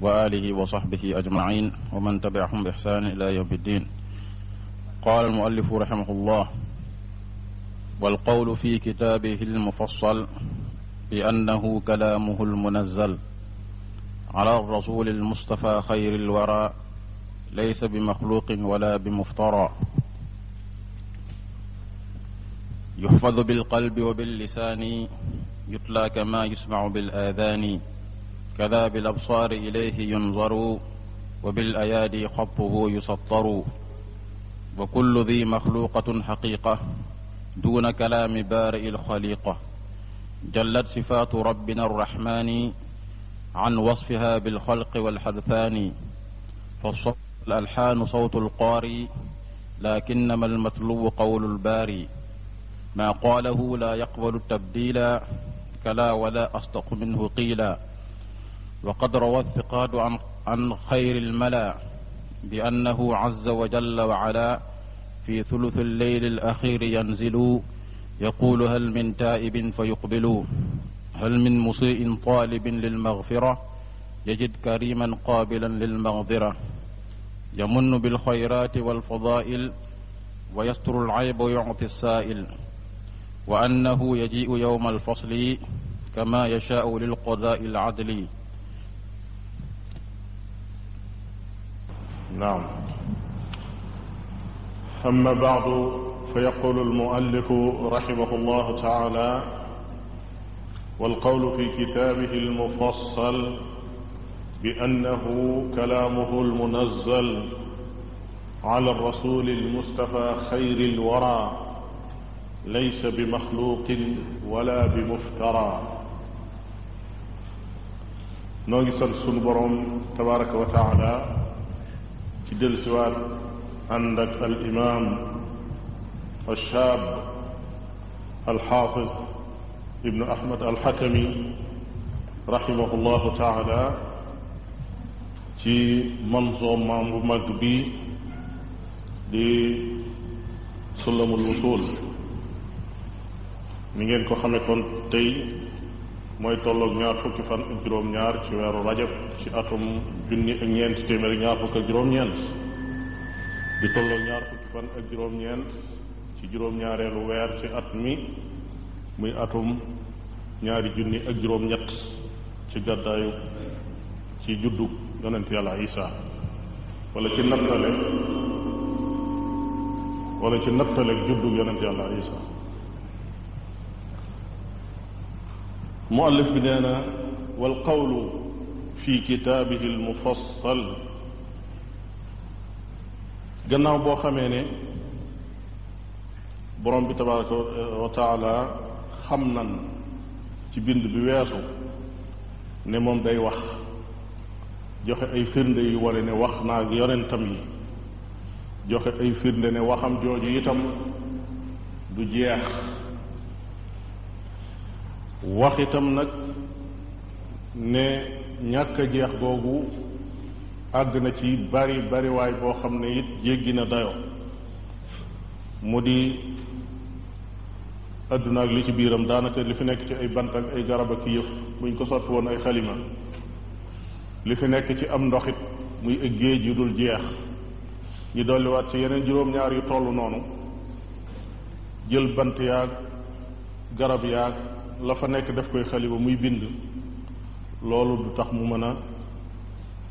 wa alihi wa sahbihi ajmain wa man tabiahum bi ixsaan ila yawmi ddin qaala almuallifu rahimahullah والقول في كتابه المفصل بأنه كلامه المنزل على الرسول المصطفى خير الورى ليس بمخلوق ولا بمفترى يحفظ بالقلب وباللسان يتلى كما يسمع بالآذان كذا بالأبصار إليه ينظر وبالأيادي خطه يسطر وكل ذي مخلوقة حقيقة دون كلام بارئ الخليقة جلت صفات ربنا الرحمن عن وصفها بالخلق والحدثان فالصوت الألحان صوت القاري لكنما المطلوب قول الباري ما قاله لا يقبل التبديلا كلا ولا أصدق منه قيلا وقد روى الثقات عن عن خير الملا بأنه عز وجل وعلا في ثلث الليل الأخير ينزل يقول هل من تائب فيقبل هل من مسيء طالب للمغفرة يجد كريما قابلا للمغفرة يمن بالخيرات والفضائل ويستر العيب ويعطي السائل وأنه يجيء يوم الفصل كما يشاء للقضاء العدل نعم أما بعد فيقول المؤلف رحمه الله تعالى والقول في كتابه المفصل بأنه كلامه المنزل على الرسول المصطفى خير الورى ليس بمخلوق ولا بمفترى نوغي سن سن بروم تبارك وتعالى ci dellusiwaat ànd ak al imaam alchaab alxaafis ibnu ahmad alxakami rahimahullahu taala ci manzoom maam bu mag bi di sullamul wusul ni ngeen ko xame kon tey mooy tolloog ñaar fukki fan ak juróom-ñaar ci weeru rajab ci atum junni ak ñeent téeméeri ñaar fukk ak juróom-ñeent di tolloog ñaar fukki fan ak juróom-ñeent ci juróom-ñaareelu weer ci at mi muy atum ñaari junni ak juróom-ñett ci gàddaayu ci juddu yonent yàlla isa wala ci nattale wala ci nattale juddug yonent yàlla isa muallif bi nee na wal qawlu fi kitaabihi al mufassal gannaaw boo xamee ne borom bi tabaraka wa taala xam nan ci bind bi weesu ne moom day wax joxe ay firnde yu ware ne wax naa ak yonentam yi joxe ay firnde ne waxam jooju itam du jeex wax itam nag ne ñàkk jeex googu àgg na ci bari bariwaay boo xam ne it jéggi na dayo mu di adduna ak li ci biiram daanaka li fi nekk ci ay bant ak ay garab ak yëf buñ ko sotti woon ay xalima li fi nekk ci am ndoxit muy ay yu dul jeex ñu dolliwaat ci yeneen juróom-ñaar yu toll noonu jël bant yaag garab yaag la fa nekk daf koy xali muy bind loolu du tax mu mën a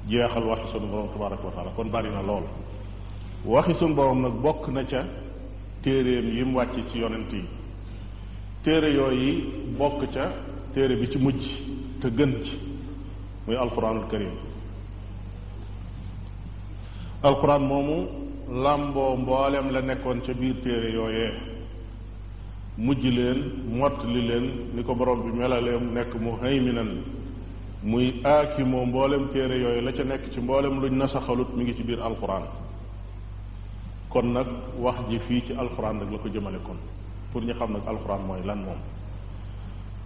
jeexal waxi sunu borom tabaraka wa kon bari na lool waxi sunu borom nag bokk na ca téereem yi mu wàcc ci yonent yi téere yi bokk ca téere bi ci mujj te gën ci muy alquranul karim alquran moomu làmboo mboolem la nekkoon ca biir téere yooyee mujj leen mott li leen ni ko borom bi melalee mu nekk mu hayminan muy aakimoo mboolem téere yooyu la ca nekk ci mboolem luñ nasaxalut mu ngi ci biir alquran kon nag wax ji fii ci alquran rek la ko jëmale kon pour ñu xam nag alquran mooy lan moom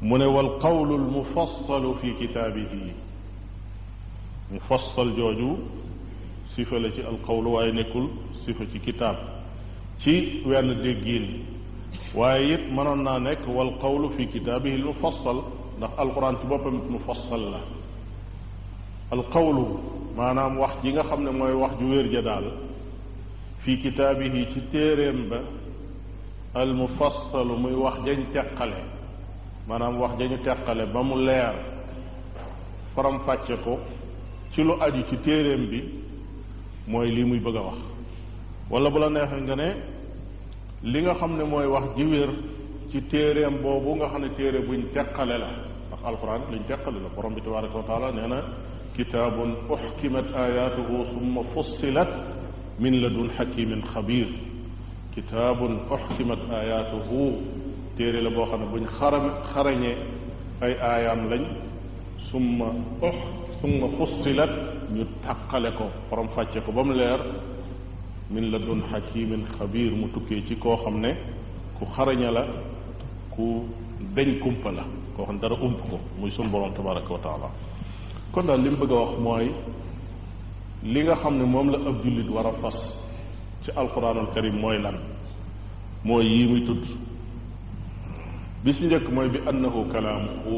mu ne wal qawlu al mufassalu fi kitaabihi mufassal jooju sifa la ci alqawlu waaye nekkul sifa ci kitaab ci wenn déggiin waaye it mënoon naa nekk wal qawlu fi kitaabihi al mufassal ndax alquran ci boppam mu mufassal la al qawlu maanaam wax ji nga xam ne mooy wax ju wér ja daal fi kitaabihi ci téeréem ba al mufassalu muy wax jañ teqale maanaam wax jañu teqale ba mu leer faram-fàcce ko ci lu aju ci téeréem bi mooy lii muy bëgg a wax wala bu la neexee nga ne li nga xam ne mooy wax ji wér ci téereem boobu nga xam ne téere buñ teqale la ndax alquran luñ teqale la borom bi tabaraka wa taala nee na kitaabun uxkimat ayatuhu summa fussilat min ladun xakimin xabir kitaabun uxkimat ayatuhu téere la boo xam ne buñ xaram xarañee ay aayaam lañ summa ux uh, summa fussilat ñu taqale ko borom fàcce ko ba mu leer min la dun xakimin xabiir mu tukkee ci koo xam ne ku xaraña la ku deñ kumpa la koo xam ne dara ump ko muy sunu borom tabaraka wa kon daal li mu bëgg a wax mooy li nga xam ne moom la ab jullit war a fas ci alquranul karim mooy lan mooy yii muy tudd bi njëkk mooy bi annahu kalaamuhu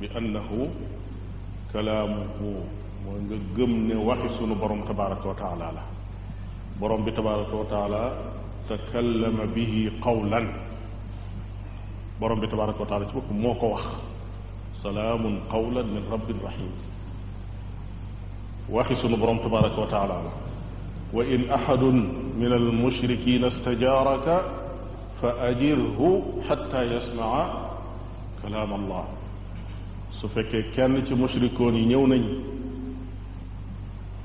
bi annahu kalaamuhu mooy nga gëm ne waxi sunu borom tabaraka wa la borom bi tabaraka wa taala takallama bihi qawlan borom bi tabaraka wa taala ci bopp moo ko wax salaamun qawlan min rabbin rahim waxi sunu borom tabaraka wa taala la wa in ahadun min almushrikina istajaaraka fa ajirhu xatta yasmaa kalaam allah su fekkee kenn ci mushrikoon yi ñëw nañ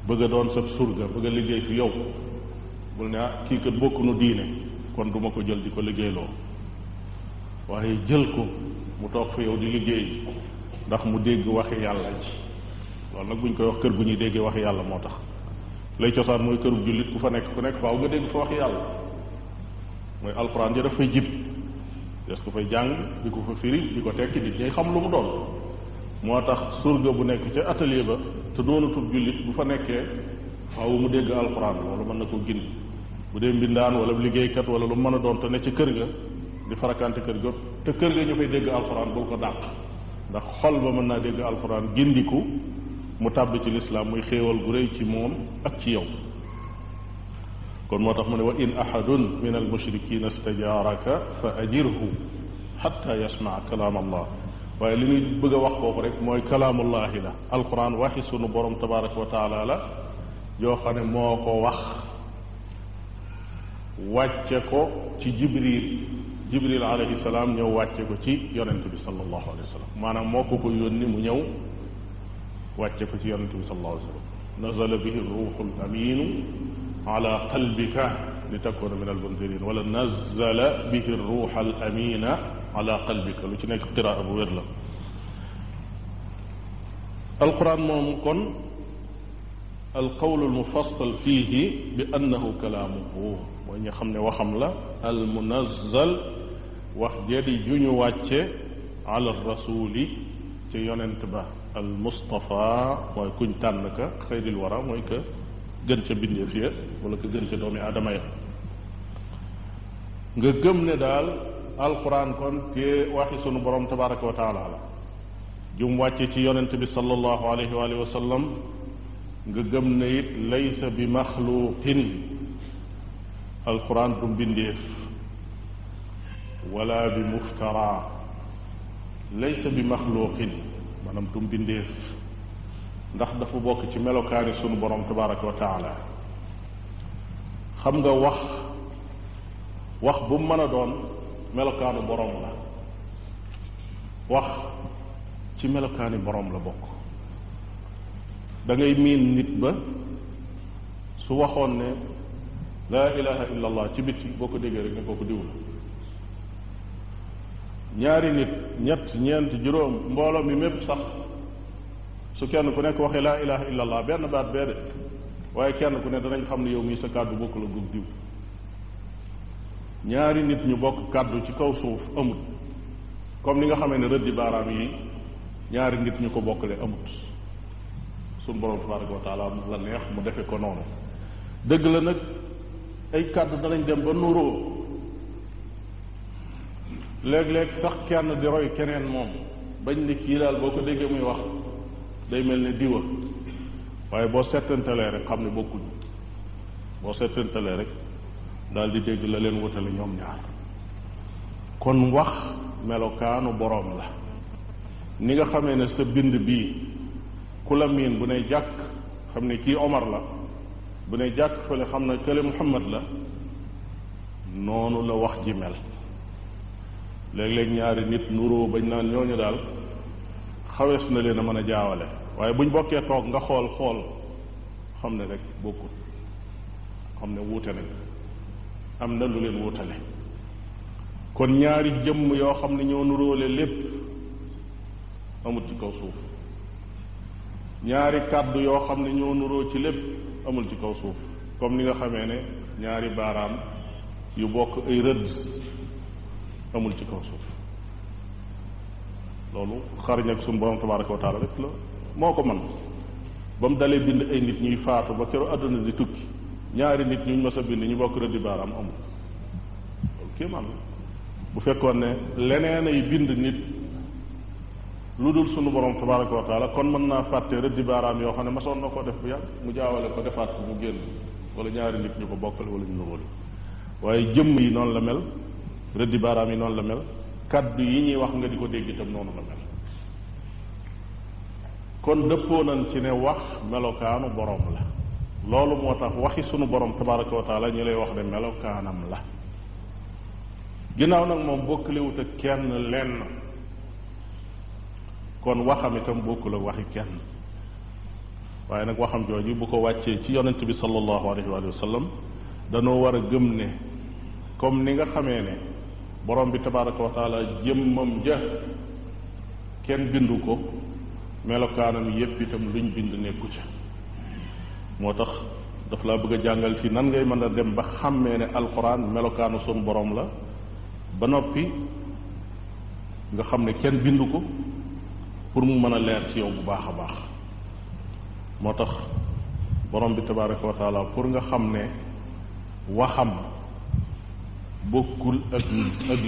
bëgg a doon sa surga bëgg a liggéey fi yow bul ne ah kii kër bokk nu diine kon duma ko jël di ko liggéeyloo waaye jël ko mu toog fa yow di liggéey ndax mu dégg waxi yàlla ji loolu nag bu ñu koy wax kër bu ñuy déggee waxi yàlla moo tax lay cosaan mooy këru jullit ku fa nekk ku nekk faaw nga dégg fa waxi yàlla mooy alxuraan ji daf jib des ko fay jàng di ko fa firi di ko tekki di day xam lu mu doon moo tax surga bu nekk ca atelier ba te doonatub jullit bu fa nekkee faaw mu dégg alxuraan loolu mën na koo gindi bu dee mbindaan wala liggéeykat wala lu mën a doon te ne ci kër ga di farakante kër ga te kër ga ñu fay dégg alxuraan bul ko dàq ndax xol ba mën naa dégg alxuraan gindiku mu tàbb ci lislaam muy xéewal gu rëy ci moom ak ci yow kon moo tax mu ne wa in ahadun min al mushrikiina fa ajirhu xatta yasmaa kalaam allah waaye li ñuy bëgg a wax foofu rek mooy kalaamullahi la alquran waxi sunu borom tabaraka la yoo xam ne moo ko wax wàcce ko ci jibril jibril alayhi salaam ñëw wàcce ko ci yonent bi sallallahu alayhi wa sallam maanaam moo ko ko yónni mu ñëw wàcce ko ci yonent bi sallallahu alayhi wa sallam nazala bihi ruuxul aminu ala qalbika li takuna min almunzirin wala nazala bihi ruuxal amina ala qalbika lu ci nekk qiraa bu wér la alquran moom kon alqawlu almufassal fiihi bi annahu kalaamuhu mooy xam ne waxam la almunazal wax jadi ju ñu wàcce ala rasuli ci yonent ba almustafa mooy kuñ tànn ka xayril wara ka gën ca bindeef wala ka gën doomi aadama nga gëm ne daal alquran kon te waxi sunu borom tabaraka wa taala la jum wàcce ci yonent bi sallallahu alayhi wa nga gëm ne it laysa bi maxluqin alquran du mbindeef wala bi muftara laysa bi maxluqin maanaam du mbindeef ndax dafa bokk ci melokaani sunu borom tabaraka wa xam nga wax wax bu mu mën a doon melokaanu borom la wax ci melokaani borom la bokk da ngay miin nit ba su waxoon ne laa ilaha illa ci biti boo ko déggee rek ne kooku diw la ñaari nit ñett ñeent juróom mbooloo mi mépp sax su kenn ku nekk waxee laa ilaha illa allah benn baat bee de waaye kenn ku ne danañ xam ne yow mii sa kàddu bokk la gug diw ñaari nit ñu bokk kàddu ci kaw suuf amut comme ni nga xame ne rëddi baaraam yi ñaari nit ñu ko bokkale amut suñu borom tabaraka wa taala mu la neex mu defe ko noonu dëgg la nag ay kàddu danañ dem ba nuroo léeg-léeg sax kenn di roy keneen moom bañ ni kii daal boo ko déggee muy wax day mel ne diwa waaye boo settantalee rek xam ne bokkuñu boo settantalee rek dal di dégg la leen wutale ñoom ñaar kon wax melokaanu boroom la ni nga xamee ne sa bind bii ku la miin bu ne jàkk xam ne kii Omar la bu ne jàkk fële xam ne kële Muhammad la noonu la wax ji mel léeg-léeg ñaari nit nuroo bañ naan ñooñu daal xawees na leen a mën a jaawale waaye buñ bokkee toog nga xool xool xam ne rek bokkut xam ne wuute nañ am na lu leen wuutale kon ñaari jëmm yoo xam ne ñoo nuróole lépp amut ci kaw suuf ñaari kàddu yoo xam ne ñoo nuroo ci lépp amul ci kaw suuf comme ni nga xamee ne ñaari baaraam yu bokk ay rëdd amul ci kaw suuf loolu xariñ ak suñu borom tabaraka wa rek la moo ko man ba mu dalee bind ay nit ñuy faatu ba keroog àdduna di tukki ñaari nit ñu mës a bind ñu bokk rëdd baaraam amul loolu kéemaan bu fekkoon ne leneen ay bind nit lu dul sunu borom tabaraka wa kon mën naa fàtte rëddi baaraam yoo xam ne masoon na koo def bu yàgg mu jaawale ko defaat ko mu génn wala ñaari nit ñu ko bokkal wala ñu nuróole waaye jëmm yi noonu la mel rëddi baaraam yi noonu la mel kaddu yi ñuy wax nga di ko dégg itam noonu la mel kon dëppoo nañ ci ne wax melokaanu borom la loolu moo tax waxi sunu borom tabaraka wa taala ñu lay wax ne melokaanam la ginnaaw nag moom bokkaliwut ak kenn lenn kon waxam itam bokkul ak waxi kenn waaye nag waxam jooju bu ko wàccee ci yonent bi sallallahu alayhi wa sallam danoo war a gëm ne comme ni nga xamee ne borom bi tabaraka wa taala jëmmam ja kenn bindu ko melokaanam yépp itam luñ bind nekku ca moo tax daf laa bëgg a jàngal ci nan ngay mën a dem ba xàmmee ne alxuraan melokaanu sun borom la ba noppi nga xam ne kenn bindu ko pour mu mën a leer ci yow bu baax a baax moo tax boroom bi tabaraka wa pour nga xam ne waxam bokkul ak ak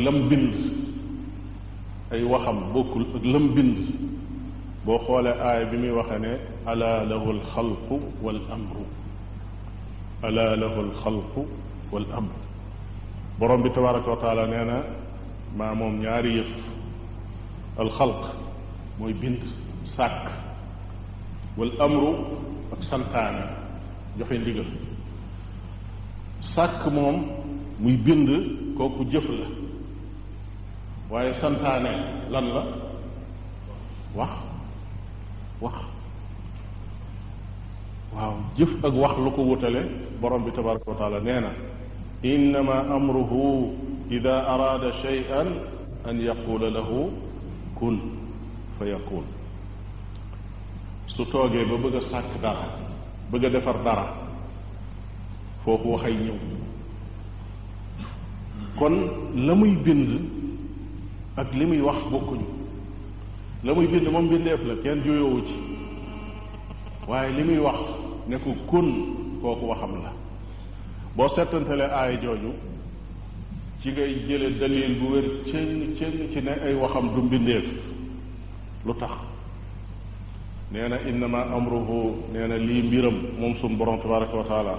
ay waxam bokkul ak lam boo xoolee aaya bi muy waxe ne ala lahu alxalqu wal amru ala lahu alxalqu wal bi tabaraka wa nee na maa moom ñaari yëf alxalq mooy bind sàkk wal amru ak santaane joxe ndigal sàkk moom muy bind kooku jëf la waaye santaane lan la wax wax waaw jëf ak wax lu ko wutale borom bi tabaraka wa taala nee na innama amruhu ida araada shay'an an yaqula lahu kun fa yaqul su toogee ba bëgg a sàkk dara bëgg a defar dara foofu waxay ñëw kon la muy bind ak li muy wax bokkuñu la muy bind moom bindeef la kenn juyoowu ci waaye li muy wax ne ko kun kooku waxam la boo settantalee aaya jooju ci ngay jële dalil bu wér cëñ cëñ ci ne ay waxam du mbindeef lu tax nee na innama amruhu nee na lii mbiram moom suñ borom tabaraka wa taala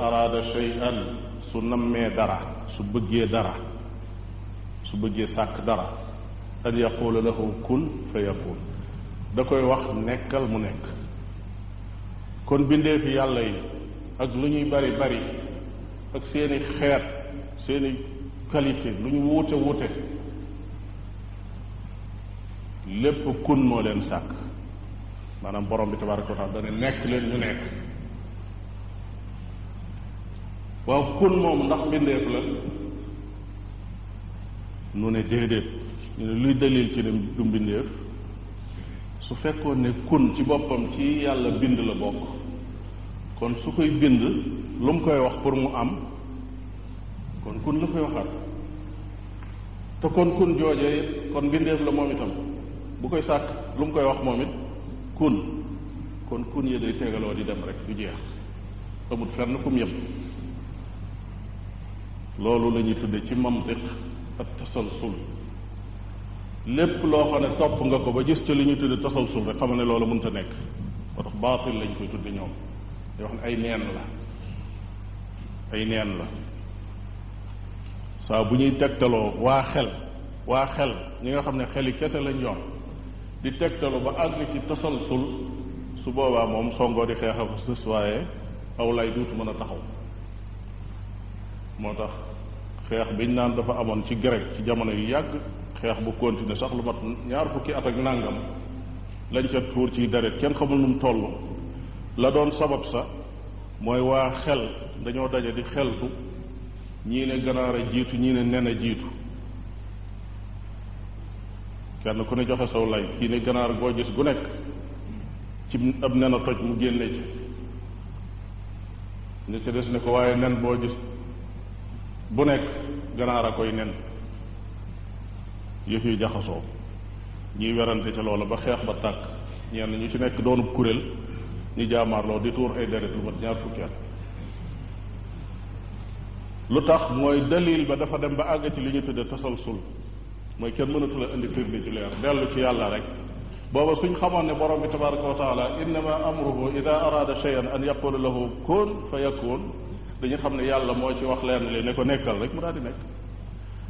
araada su nammee dara su bëggee dara su bëggee sàkk dara an yaqula lahu kun fa yakun da koy wax nekkal mu nekk kon bindeefi yàlla yi ak lu ñuy bari bari ak seeni xeet seeni qualité lu ñu wuute wuute lépp kun moo leen sàkk maanaam borom bi tabaraka wa taala dana nekk leen ñu nekk waaw kun moom ndax mbindeef la nu ne déedéet ñu ne luy dalil ci ne du mbindeef su fekkoon ne kun ci boppam ci yàlla bind la bokk kon su koy bind lu mu koy wax pour mu am kon kun la koy waxaat te kon kun joojee kon mbindeef la moom itam bu koy sàkk lu mu koy wax moom it kun kon kun ya day tegaloo di dem rek du jeex amut fenn kum yëpp loolu la ñuy tudde ci mantiq ak tasalsul lépp loo xam ne topp nga ko ba gis ci li ñuy tudde tasalsul rek xamal ne loolu mënta nekk moo tax baatil lañ koy tudde ñoom day wax ne ay neen la ay neen la saa bu ñuy tegtaloo waa xel waa xel ñi nga xam ne xel yi kese lañ yoon di tegtalu ba àgg ci tasalsul su boobaa moom songoo di xeex ak sës waaye aw lay duutu mën a taxaw moo tax xeex biñ naan dafa amoon ci grec ci jamono yu yàgg xeex bu continuer sax lu mat ñaar fukki at ak nàngam lañ ca tuur ci deret kenn xamul nu mu la doon sabab sax mooy waa xel dañoo daje di xeltu ñii ne ganaar a jiitu ñii ne nen a jiitu kenn ku ne joxe saw lay kii ne ganaar boo gis bu nekk ci ab nen a toj mu génne ci ñi ci des ne ko waaye nen boo gis bu nekk ganaar a koy nen yëf yu jaxasoo ñuy werante ca loola ba xeex ba tàkk ñenn ñu ci nekk doonub kuréel ñu jaamaarloo di tuur ay deret lu mat ñaar fukki lu tax mooy dalil ba dafa dem ba àgg ci li ñu tudde tasalsul mooy kenn mënatu la indi firnde ju leer dellu ci yàlla rek booba suñ xamoon ne borom bi tabaraka wa taala innama amruhu ida arada cheyan an yaqula lahu kun fa yakun dañu xam ne yàlla moo ci wax leer li ne ko nekkal rek mu daal di nekk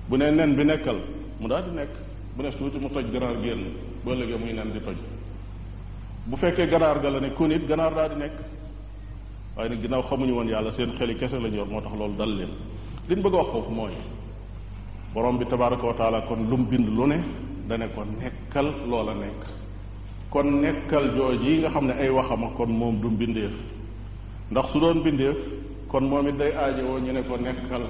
bu ne nen bi nekkal mu daal di nekk bu ne tuuti mu toj ganaar génn ba ëllëgee muy nen di toj bu fekkee ganaar ga la ne kun it ganaar daal nekk waaye nag ginnaaw xamuñu woon yàlla seen xeli kese lañ yor moo tax loolu dal leen liñ bëgg a wax foofu mooy borom bi tabaraka wa taala kon lu mu bind lu ne dane ko nekkal loola nekk kon nekkal jooj yi nga xam ne ay waxama kon moom du mbindeef ndax su doon mbindeef kon moom it day woo ñu ne ko nekkal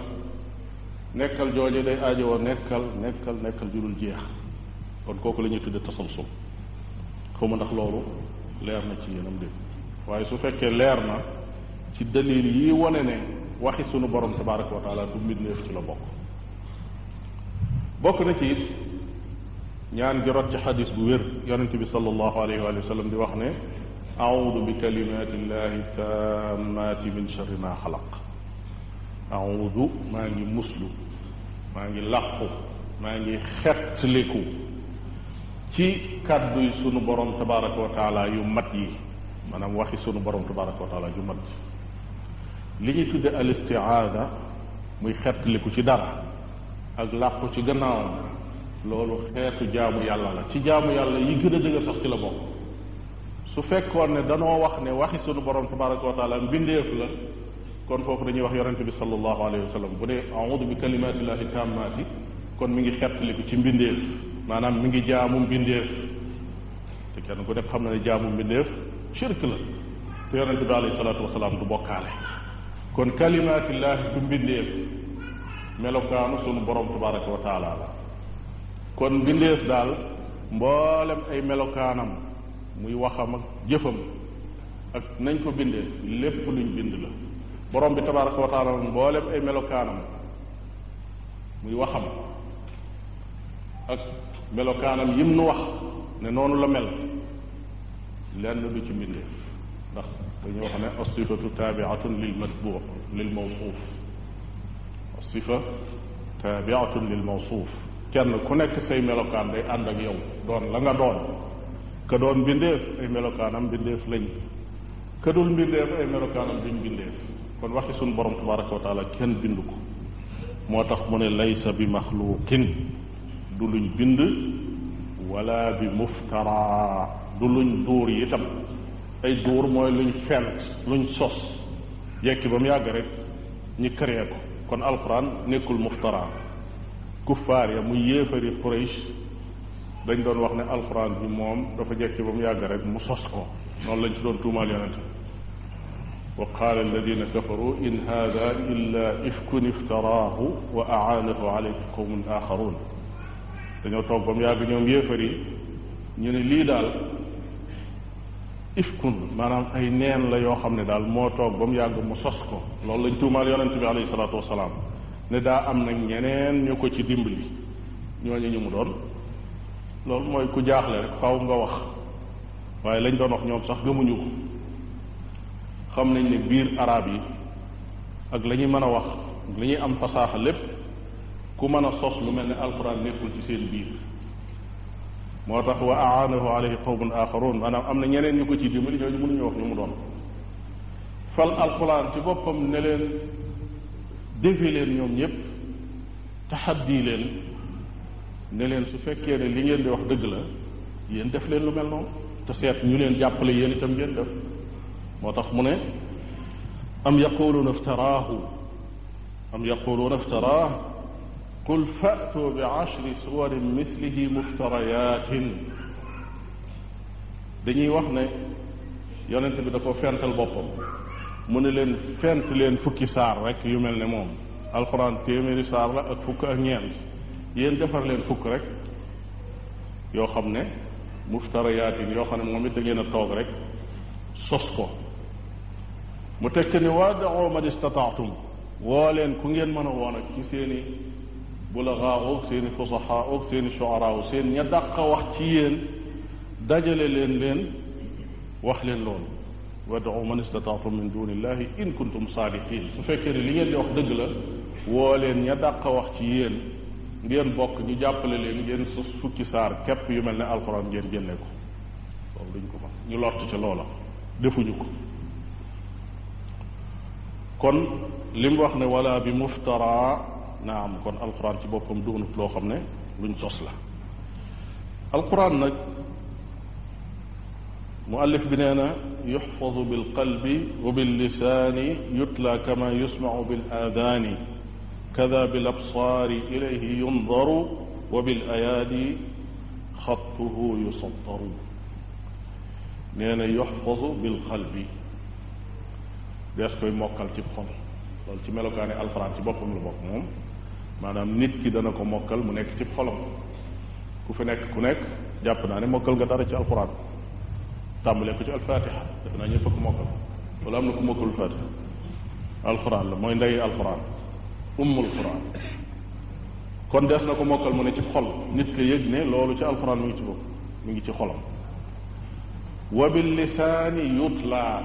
nekkal jooje day aajowoo nekkal nekkal nekkal ju dul jeex kon kooku lañuy ñuy tudde tasalsul xaw ma ndax loolu leer na ci yéenam dégg waaye su fekkee leer na ci dalil yi wane ne waxi sunu borom tabaraka wa taala du mbindeef ci la bokk bokk na ci it ñaan gi rot ci xadis bu wér yonente bi sallallahu alayhi wa di wax ne audu bi kalimati llahi tammati min charri ma xalaq audu maa ngi muslu maa ngi làqu maa ngi xettliku ci kàddu yi sunu borom tabaraka wa taala yu mat yi maanaam waxi sunu borom tabaraka wa taala yu mat li ñuy tudde al istiaada muy xettliku ci dara ak làqu ci gannaaw loolu xeetu jaamu yàlla la ci jaamu yàlla yi gën a dëgër sax ci la bokk su fekkoon ne danoo wax ne waxi sunu borom tabaraka wa taala mbindeef la kon foofu dañuy wax yonente bi salallahu alayhi wa bu dee audu bi kalimatillahi tammaati kon mi ngi xettaliku ci mbindeef maanaam mi ngi jaamu mbindeef te kenn ku nekk xam na ne jaamu mbindeef shirk la te yonente bi alayhi salatu wasalaam du bokkaale kon kalimatillahi du mbindeef melokaanu sunu borom tabaraka wa taala la kon mbindeef daal mboolem ay melokaanam muy waxam ak jëfam ak nañ ko bindee lépp luñ bind la borom bi tabaraka wa taala mboolem ay melokaanam muy waxam ak melokaanam yim nu wax ne noonu la mel lenn du ci mbindeef ndax dañuy wax ne as-sifatu taabiatun lil matbuux lil mawsuuf sifa taabiatun lil mawsuuf kenn ku nekk say melokaan day ànd ak yow doon la nga doon ka doon mbindeef ay melokaanam mbindeef lañ ka dul mbindeef ay melokaanam duñ mbindeef kon waxi suñ borom tabaraka wa kenn bind ko moo tax mu ne laysa bi maxluuqin du luñ bind wala bi muftara du luñ duur yi ay duur mooy luñ fent luñ sos yekki ba mu yàgg rek ñi créé ko kon alquran nekkul muftara kuffaar ya muy yéefari Quraysh dañ doon wax ne alquran bi moom dafa jekki ba mu yàgg rek mu sos ko noonu lañ ci doon tuumaal yonente wa qaala alladina kafaru in hada illa ifkun iftaraahu wa aanahu alayhi qawmun axarun dañoo toog ba mu yàgg ñoom yéefar yi ñu ne lii daal ifkun maanaam ay neen la yoo xam ne daal moo toog ba mu yàgg mu sos ko loolu lañ tuumaal yonent bi alayhi salaatu wasalaam ne daa am nag ñeneen ñu ko ci dimbali ñooñu ñu mu doon loolu mooy ku jaaxle rek faaw nga wax waaye lañ doon wax ñoom sax gëmuñu ko xam nañ ne biir arab yi ak la ñuy mën a wax la ñuy am fasaaxa lépp ku mën a sos lu mel ne alxuraan nekkul ci seen biir moo tax wa aanahu alayhi qawmun axarun maanaam am na ñeneen ñu ko ci dimbali ñooñu mënuñu wax ñu mu doon fal alquran ci boppam ne leen défi leen ñoom ñëpp taxaddi leen ne leen su fekkee ne li ngeen di wax dëgg la yéen def leen lu mel noonu te seet ñu leen jàppale yéen itam ngeen moo tax mu ne am yaquluuna iftaraahu am yaquluuna iftaraahu qul fa'tu bi ashri suwarin mislihi dañuy wax ne yonent bi da ko fental boppam mu ne leen fent leen fukki saar rek yu mel ne moom alxuraan téeméeri saar la ak fukk ak ñeent yéen defar leen fukk rek yoo xam ne muftarayaatin yoo xam ne moom it da a toog rek sos ko mu tekk ni waa daxoo man istataatum woo leen ku ngeen mën a woon ak ci seeni bulagaa oog seen i fusaxaa oog seen i shuaraa ña dàq wax ci dajale leen leen wax leen loolu wadu man istataatum min dunillahi in kuntum saadiqin su fekkee ne li ngeen di wax dëgg la woo leen ña dàq wax ci yéen ngeen bokk ñu jàppale leen ngeen sus fukki saar képp yu mel ne alxuraan ngeen génne ko loolu ñu lott ca loola defuñu ko kon li mu ne wala bi muftaraa naam kon alquran ci boppam doonut loo xam ne luñ sos la alquran nag muallif bi nee na yuxfazu bilqalbi wa billisaani yutla kama yusmacu bilaadaani kada bilabsaari ilayhi yundaru wa bilayaadi xattuhu yusattaru nee na yuxfazu bilqalbi dees koy mokkal ci xol loolu ci melokaani alquran ci boppam la bokk moom maanaam nit ki dana ko mokkal mu nekk ci xolam ku fi nekk ku nekk jàpp naa ne mokkal nga dara ci alquran tàmbalee ko ci alfatiha def naa ñëpp ko mokkal wala am na ku mokkalul alxuraan la mooy ndey alquran ummul quran kon des na ko mokkal mu ne ci xol nit ko yëg ne loolu ci alquran mu ngi ci bopp wa bil lisaani yutlaa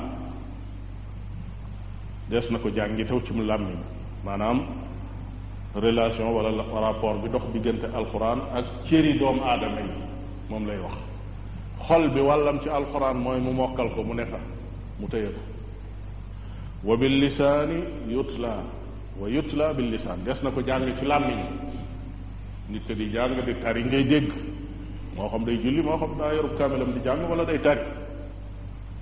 des na ko jàngi taw ci mu làmmiñ maanaam relation wala rapport bi dox diggante alxuraan ak cëri doomu aadama yi moom lay wax xol bi wàllam ci alxuraan mooy mu mokkal ko mu ne fa mu téye ko wa bil lisaani yutla wa yutla bil lisaan des na ko jàng ci làmmiñ nit ki di jàng di tari ngay dégg moo xam day julli moo xam daa yorub kaamilam di jàng wala day tari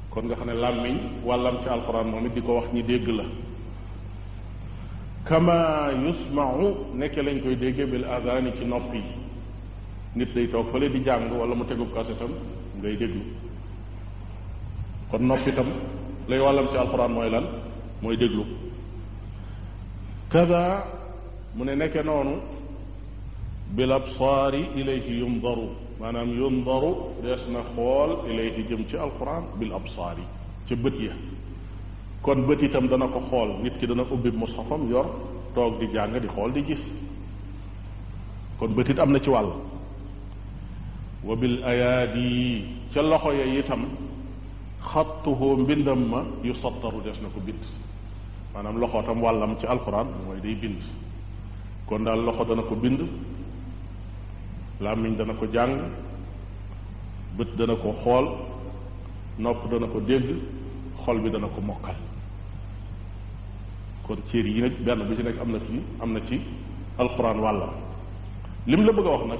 kon nga xam ne làmmiñ wàllam ci alxuraan moom it di ko wax ñi dégg la kama yusmau nekke lañ koy déggee bil adani ci nopp yi nit day toog fële di jàng wala mu tegub kasetam ngay déglu kon nopp itam lay wàllam ci alxuraan mooy lan mooy déglu kada mu ne nekke noonu bil absaari ilayhi yundaru maanaam yundaru dees na xool ilayhi jëm ci alxuraan bil absaari ci bët ya kon bët yitam dana ko xool nit ki dana ubbi mushafam yor toog di jàng di xool di gis kon bët it am na ci wàll wa bil ayaadi ca loxo ya itam xattuhu mbindam ma yu sottaru des na ko bind maanaam loxo tam wàllam ci alxuraan mooy day bind kon daal loxo dana ko bind làmmiñ dana ko jàng bët dana ko xool nopp dana ko dégg xol bi dana ko mokkal kon cër yi nag benn bu ci nekk am na ci am na ci alxuraan wàllam lim la bëgg a wax nag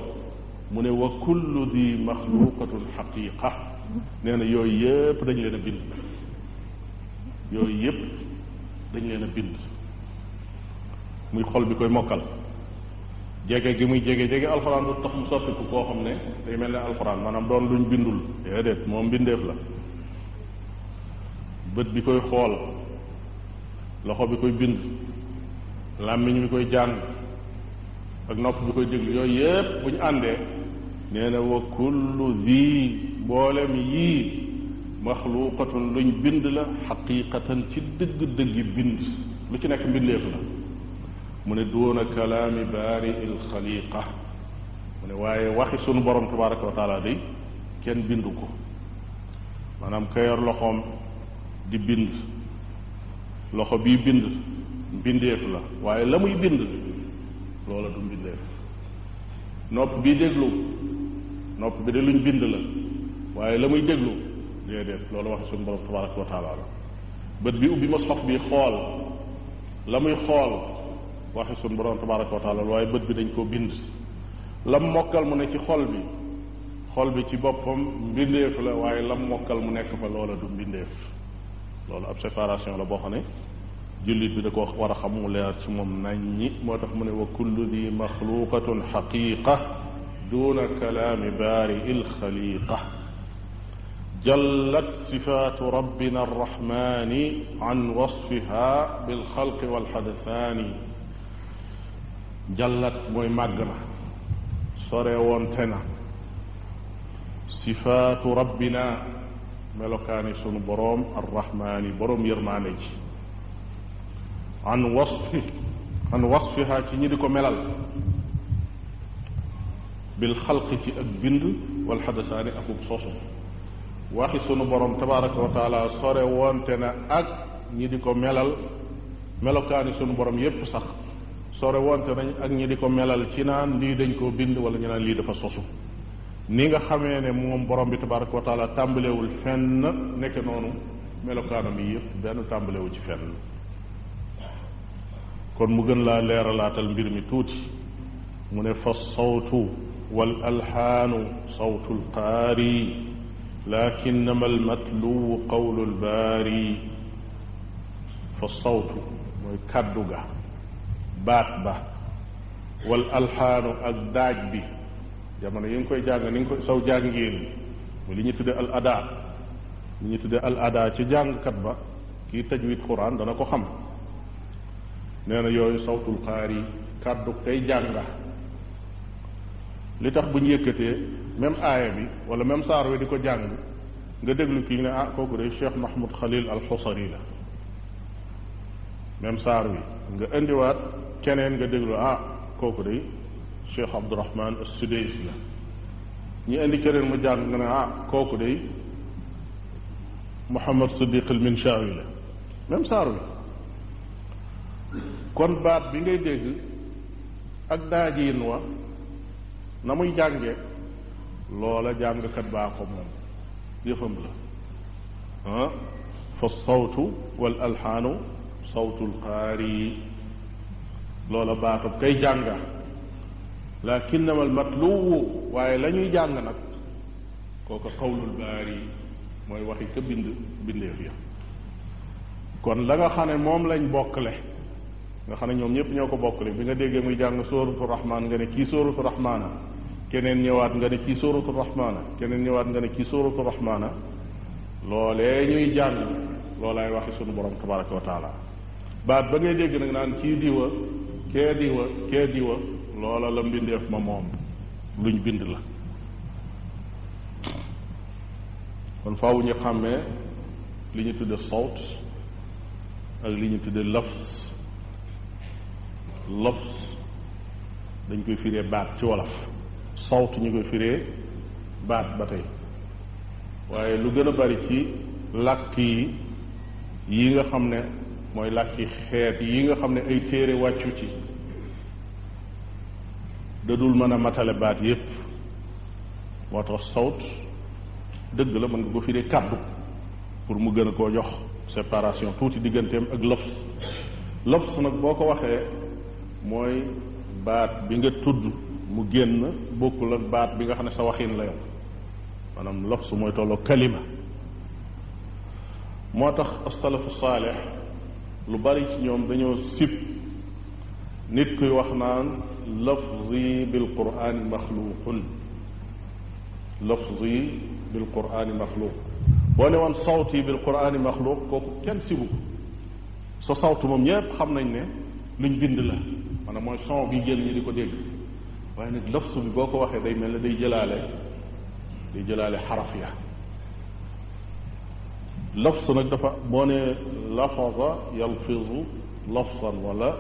mu ne wa kullu di maxluqatun xaqiqa nee na yooyu yépp dañ leen a bind yooyu yépp dañ leen a bind muy xol bi koy mokkal jege gi muy jege jege alxuraan du tax mu soppiku koo xam ne day mel ne alxuraan maanaam doon luñ bindul déedéet moom bindeef la bët bi koy xool loxo bi koy bind làmmiñ bi koy jàng ak nopp bi koy déglu yooyu yépp bu ñu àndee nee na wa kullu zi mboolem yii maxluqatun luñ bind la xaqiqatan ci dëgg-dëggi bind lu ci nekk mbindeef la mu ne duuna kalaami baari il mu ne waaye waxi sunu borom tabaraka wa taala day kenn bindu ko maanaam ka loxoom di bind loxo bii bind mbindeef la waaye la muy bind loola du mbindeef nopp bii déglu nopp bi de luñ bind la waaye la muy déglu déedéet loolu waxe suñu borom tabaraka wa bët bi ubbi bi xool la muy xool wa taala la waaye bët bi dañ koo bind lam mokkal mu ne ci xol bi xol bi ci boppam mbindeef la waaye lam mokkal mu nekk fa loola du mbindeef loolu ab séparation la boo xam ne jullit bi da ko war a xam mu leer ci moom nañ ñi moo tax mu ne wa kullu di maxluqatun xaqiqa duna kalaami baari il xaliqa jallat sifaatu rabbina arrahmani an wasfiha bilxalqi walxadasaani jallat mooy màgg na sore woonte na sifaatu rabbina melokaani sunu boroom arrahmaani boroom yërmaande ji an wasfi an wasfiha ci ñi di ko melal bil ak bind wal xadasaani akub sosu waxi sunu boroom tabaraka wa sore wonte na ak ñi di ko melal melokaani sunu boroom yépp sax sore woonte nañ ak ñi di ko melal ci naan lii dañ koo bind wala ñu naan lii dafa sosu ni nga xamee ne moom borom bi tabaraka wa taala tàmbalewul fenn nekk noonu melokaanam yi yëpp benn tàmbalewu ci fenn kon mu gën laa leeralaatal mbir mi tuuti mu ne fa sawtu wal alxaanu sawtu lqaari lakinama almatluwu qawlu lbaari fa sawtu mooy kaddu ga baat ba wal alxaanu ak daaj bi jamono yi nga koy jàng ni nga koy saw jàngiin mu li ñu tudde al ada li ñu tudde al ada ci jàngkat ba kii tajwid quran dana ko xam nee na yooyu sawtul xaari kàddu tey la li tax bu ñu yëkkatee même aaya bi wala même saar wi di ko jàng nga déglu kii ne ah kooku de Cheikh Mahmoud Khalil al Xusari la même saar wi nga indiwaat keneen nga déglu ah kooku de Cheikh Abdourahman As-Sudais la ñu indi keneen mu jàng nga ne ah kooku day Mouhamad Siddiq al-Minshawi la même saar wi kon baat bi ngay dégg ak daajiin wa na muy jànge loola jàngkat baa ko moom yëfam la ah fa sawtu wal alxaanu sawtu alqaari loola baatub kay jànga lakinnama almatluwu waaye lañuy jàng nag kooku xawlul baari mooy waxi ka bind bindeef ya kon la nga xam ne moom lañ bokkale nga xam ne ñoom ñëpp ñoo ko bokkale bi nga déggee muy jàng sóoratu rahmaan nga ne kii sóoratu rahmaana keneen ñëwaat nga ne kii sóoratu rahmaana keneen ñëwaat nga ne kii sóoratu rahmaana loolee ñuy jàng loolaay waxi sunu borom tabaraka wa baat ba ngay dégg nag naan kii diwa kee diwa kee diwa loola la mbindeef ma moom luñ bind la kon faaw ñu xàmmee li ñu tudde sawt ak li ñu tudde lafs lafs dañ koy firee baat ci wolof sawt ñu koy firee baat ba tey waaye lu gën a bari ci làkk yi yi nga xam ne mooy làkki xeet yi nga xam ne ay téere wàccu ci da mën a matale baat yépp moo tax sawt dëgg la mën nga ko firee kàddu pour mu gën a koo jox séparation tuuti digganteem ak lobs lobs nag boo ko waxee mooy baat bi nga tudd mu génn bokkul ak baat bi nga xam ne sa waxin la yow maanaam lobs mooy tolloo kalima moo tax asalafu saalix lu bari ci ñoom dañoo sib nit kuy wax naan lafzi bil quraani maxluqun lafzi bil quraani maxluq boo ne woon sawti bil quraani maxluq kooku kenn sibu sa sawtu moom ñépp xam nañ ne luñ bind la maanaam mooy son bi jël ñi di ko dégg waaye nag lafsu bi boo ko waxee day mel ne day jëlaale day jëlaale xaraf ya lafsu nag dafa boo ne lafaza yalfizu lafsan wala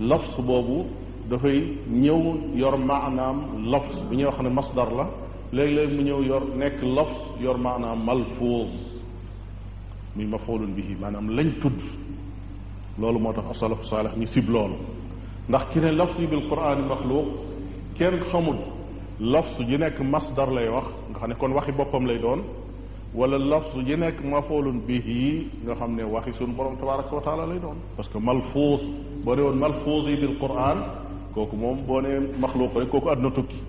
lafsu boobu dafay ñëw yor maanaam lafs bi ñuy wax ne masdar la léeg-léeg mu ñëw yor nekk lafs yor maanaam malfuuz muy mafoolun bihi maanaam lañ tudd loolu moo tax asalafu saalix ñu sib loolu ndax ki ne lafs yi bil quraan maxluuq kenn xamul lafs ji nekk masdar lay wax nga xam ne kon waxi boppam lay doon wala lafs ji nekk mafoolun bihi nga xam ne waxi suñu borom tabaraka wa taala lay doon parce que malfuuz boo dee woon malfuuz quraan kooku moom boo nee maxluuq rek kooku àdduna tukki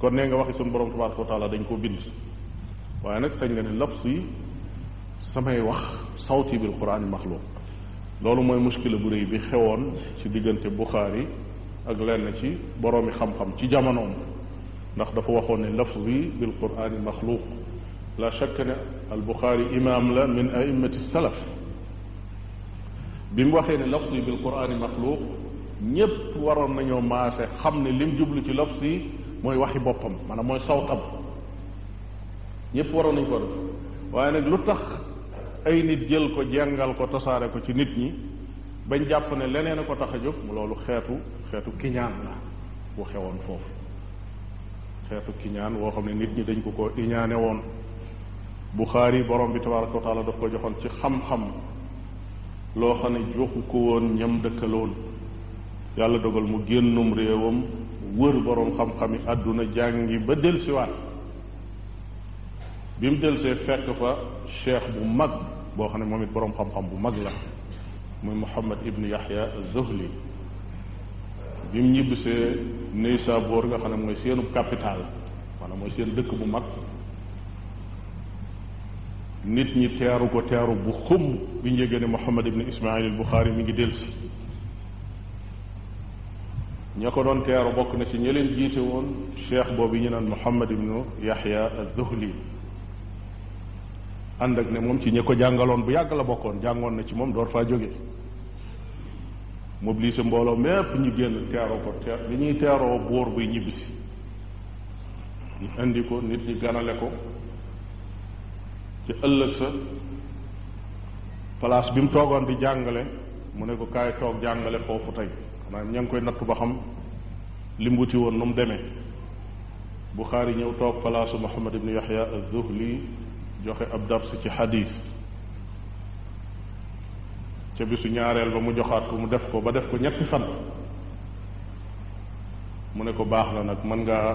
kon nee nga waxi suñ borom tabaraka wa taala dañ koo bind waaye nag sañ nga ne laps yi samay wax sawti bil quraani maxluuq loolu mooy muskila bu réy bi xewoon ci diggante Buxaari ak lenn ci boroomi xam-xam ci jamonoom ndax dafa waxoon ne lafz bi bil quraani maxluuq la shakk ne al Buxaari imaam la min a'immati salaf bi mu waxee ne lafz bi bil quraani maxluuq ñépp waroon nañoo maase xam ne lim jublu ci lops si mooy waxi boppam maanaam mooy sawtam ñépp waroon nañu ko def waaye nag lu tax ay nit jël ko jengal ko tasaare ko ci nit ñi bañ jàpp ne leneen a ko tax a jóg mu loolu xeetu xeetu kiñaan bu xewoon foofu xeetu kiñaan woo xam ne nit ñi dañ ko ko iñaane woon Buxaari borom bi tabaraka wa taala daf ko joxoon ci xam-xam loo xam ne joxu ko woon ñam dëkkaloon yàlla dogal mu génnum réewam wër boroom xam-xami àdduna jàngi ba dellusiwaat bi mu dellusee fekk fa cheikh bu mag boo xam ne moom it boroom xam-xam bu mag la muy Muhammad ibn Yahya Zuhli bi mu ñibbisee Neysaboor nga xam ne mooy seenub capital maanaam mooy seen dëkk bu mag nit ñi teeru ko teeru bu xum bi ñu yëgee ne Muhammad ibn Ismail al Buxaari mi ngi dellusi ña ko doon teeru bokk na ci ñi leen jiite woon cheikh boobu ñu naan Muhammad ibnu Yahya az-Zuhli ànd ak ne moom ci ñi ko jàngaloon bu yàgg la bokkoon jàngoon na ci moom door faa jóge mobilisé mbooloo mépp ñu génn teeroo ko teer li ñuy teeroo buur buy ñibbisi ñu indi ko nit ñi ganale ko ci ëllëg sa place bi mu toogoon di jàngale mu ne ko kaay toog jàngale foofu tey maanaam ña ngi koy nattu ba xam lim wuti woon nu mu demee Buxaari ñëw toog palaasu Muhammad ibn Yaxya az-Zuhli joxe ab dars ci xadiis ca bisu ñaareel ba mu joxaat ko mu def ko ba def ko ñetti fan mu ne ko baax na nag mën ngaa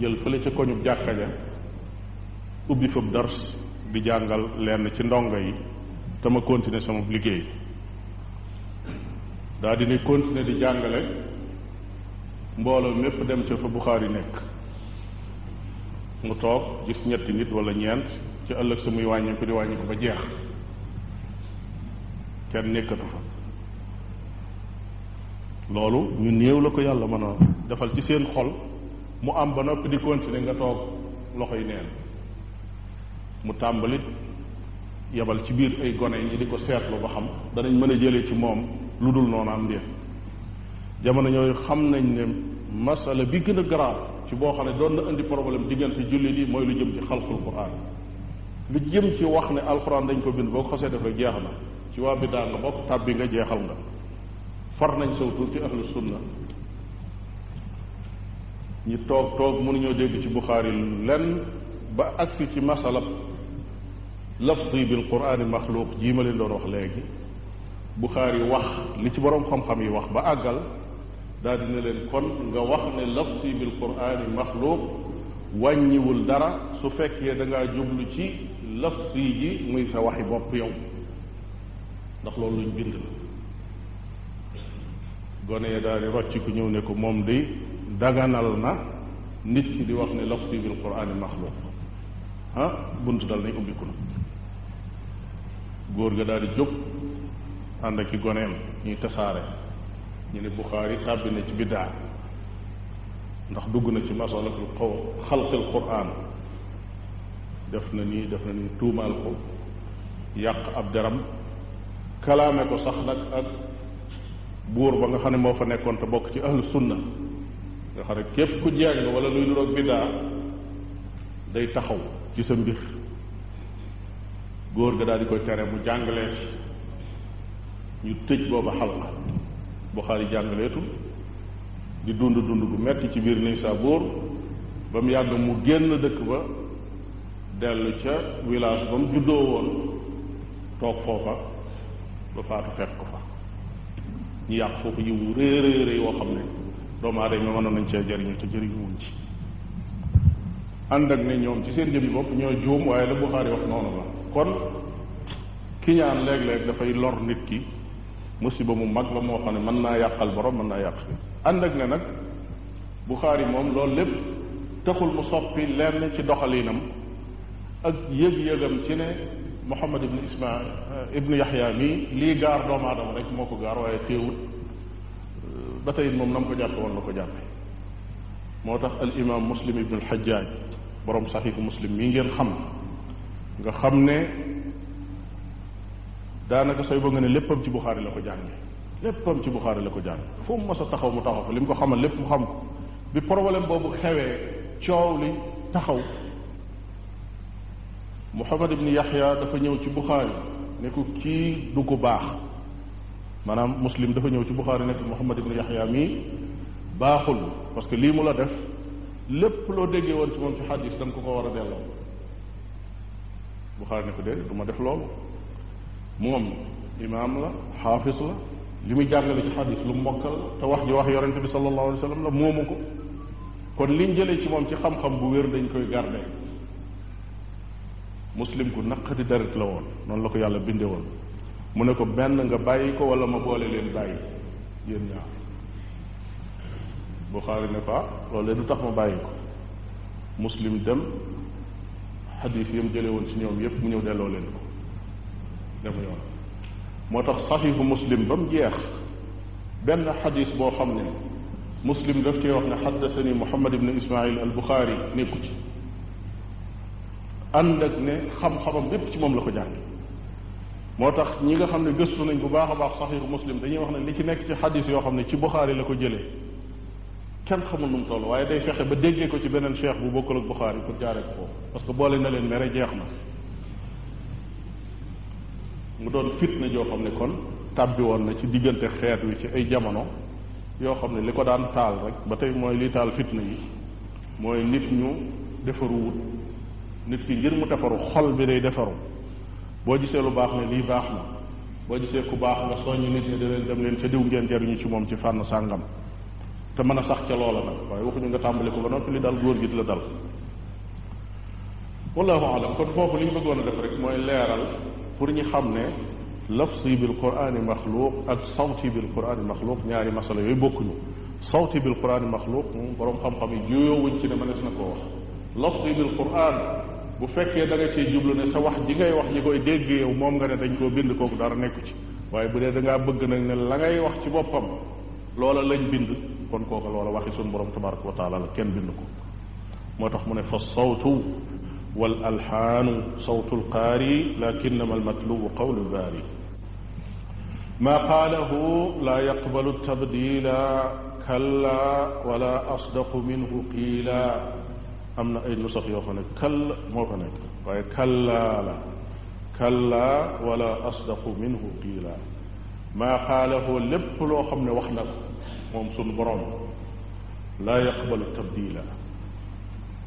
jël fële ca koñub jàkka ja ubbi fab dars di jàngal lenn ci ndongo yi te ma continuer sama liggéey dal di ne continuer di jàngale mbooloo mépp dem ca fa Buxaari nekk mu toog gis ñetti nit wala ñeent ci ëllëg sa muy wàññiku di wàññi ko ba jeex kenn nekkatu fa loolu ñu néew la ko yàlla mën a defal ci seen xol mu am ba noppi di continuer nga toog loxo yi neen mu tàmbalit yebal ci biir ay gone ñi di ko seetlu ba xam danañ mën a jëlee ci moom lu dul noonu am déet jamono yooyu xam nañ ne masala bi gën a grave ci boo xam ne doon na indi problème diggante jullit yi mooy lu jëm ci xalqul quran lu jëm ci wax ne alquran dañ ko bind boo ko xasee def rek jeex na ci waa biddaa nga bokk tàbbi nga jeexal nga far nañ saw ci ahlu sunna ñi toog toog mënuñoo dégg ci buxaari lenn ba agsi ci masala lafzi bil quraani maxluuq jii ma leen doon wax léegi Buxaari wax li ci boroom xam-xam yi wax ba àggal daal di leen kon nga wax ne lafsi bil quraani maxluuq wàññiwul dara su fekkee da ngaa ci ci lafsi ji muy sa waxi bopp yow ndax loolu luñ bind la gone ya daal di rocc ku ñëw ne ko moom di daganal na nit ki di wax ne lafsi bil quraani maxluuq ah bunt dal nañ ubbiku na góor gi daal di jóg ànd ak i goneem ñuy tasaare ñu ne Buxaari tàbbi na ci biddaa ndax dugg na ci masalatul xaw xalqil quraan def na nii def na nii tuumaal ko yàq ab deram kalaame ko sax nag ak buur ba nga xam ne moo fa nekkoon te bokk ci ahlu sunna nga xam ne képp ku jàng wala luy niroog biddaa day taxaw ci sa mbir góor gi daal di koy tere mu jàngalee ñu tëj booba xalqa Buxaari jàngaleetul di dund dund bu metti ci biir Nisaabuur ba mu yàgg mu génn dëkk ba dellu ca village ba mu juddoo woon toog foofa ba faatu fekk ko fa ñu yàq foofu yiwu rëy rëy rëy woo xam ne doomu aadama mënoon nañ cee jëriñu ci ànd ak ne ñoom ci seen jëmmi bopp ñoo juum waaye la Buxaari wax noonu la kon kiñaan léeg-léeg dafay lor nit ki musiba mu mag la moo xam ne mën naa yàqal borom mën naa yàq ànd ak ne nag Buxaari moom loolu lépp taxul mu soppi lenn ci doxalinam ak yëg-yëgam ci ne Muhammad ibn Ismail eh, ibn Yaxya mii lii gaar doomu aadama rek moo ko gaar waaye téewut eh, ba tey moom na mu ko jàppe woon la ko jàppe moo tax al imam muslim ibn al xajjaaj borom saxiixu muslim mii ngeen xam nga xam ne daanaka sooy bëgg ne léppam ci Buxaari la ko jànge léppam ci Buxaari la ko jànge fu mu mos taxaw mu taxaw fa li mu ko xamal lépp mu xam ko bi problème boobu xewee coow li taxaw Muhammad ibn Yaxya dafa ñëw ci Buxaari ne ko kii du baax maanaam muslim dafa ñëw ci Buxaari ne ko Muhammad ibn Yaxya mii baaxul parce que lii mu la def lépp loo déggee woon ci moom ci xadis da ko ko war a delloo Buxaari ne ko déedéet du ma def loolu moom imaam la xaafis la li muy jàngale ci xadis lu mbokkal la te wax ji wax yonente bi sallallahu alayhi wa sallam la moomu ko kon liñ jëlee ci moom ci xam-xam bu wér dañ koy garde muslim ku naqadi deret la woon noonu la ko yàlla binde mu ne ko benn nga bàyyi ko wala ma boole leen bàyyi yéen ñaar Buxaari ne ko ah loolu du tax ma bàyyi ko muslim dem xadis yam jële woon ci ñoom yépp mu ñëw delloo leen ko demu yoon moo tax saxiixu muslim ba mu jeex benn xadis boo xam ne muslim daf cee wax ne xaddasani muhammad ibne ismail al buxaari nekku ci ànd ak ne xam-xamam bépp ci moom la ko jànge moo tax ñi nga xam ne gëstu nañ bu baax a baax saxiixu muslim dañuy wax ne li ci nekk ci xadis yoo xam ne ci buxaari la ko jële kenn xamul mu mu toll waaye day fexe ba déggee ko ci beneen cheikh bu bokkul ak buxaari pour jaaree ko foofu parce que boole na leen mere jeex na mu doon fitna joo xam ne kon tàbbi woon na ci diggante xeet wi ci ay jamono yoo xam ne li ko daan taal rek ba tey mooy lii taal fit na yi mooy nit ñu defaruwut nit ki ngir mu defaru xol bi day defaru boo gisee lu baax ne lii baax na boo gisee ku baax nga soññ nit ñi da dem leen ca diw ngeen jariñu ci moom ci fànn sàngam te mën a sax ca loola nag waaye waxuñu nga tàmbali ko ba noppi li dal góor gi di la dal wallahu alam kon foofu li ñu bëggoon a def rek mooy leeral pour ñu xam ne lafsi bil quraani maxluuq ak sawti bil quraani maxluuq ñaari masala yooyu bokkuñu sawti bil quraani maxluuq moom boroom xam-xam yi juyoowuñ ci ne na koo wax lafsi bil quraan bu fekkee da nga cee jublu ne sa wax ji ngay wax ñi koy dégg moom nga ne dañ koo bind kooku dara nekku ci waaye bu dee dangaa bëgg nag ne la ngay wax ci boppam loola lañ bind kon kooku loola waxi suñ borom tabaraka wa taala la kenn bind ko moo tax mu ne fa sawtu wal alxaanu sawtu lqaari lakinama almatlubu qawlu lbaari maa qaalahu laa yaqbalu tabdila kalla wala asdaqu minhu qiila am na ay nusax yoo xam ne kalla moo fa nekk waaye kallaa la kallaa wala asdaqu minhu qiila maa qaalahu lépp loo xam ne wax na ko moom sunu borom laa yaqbalu tabdila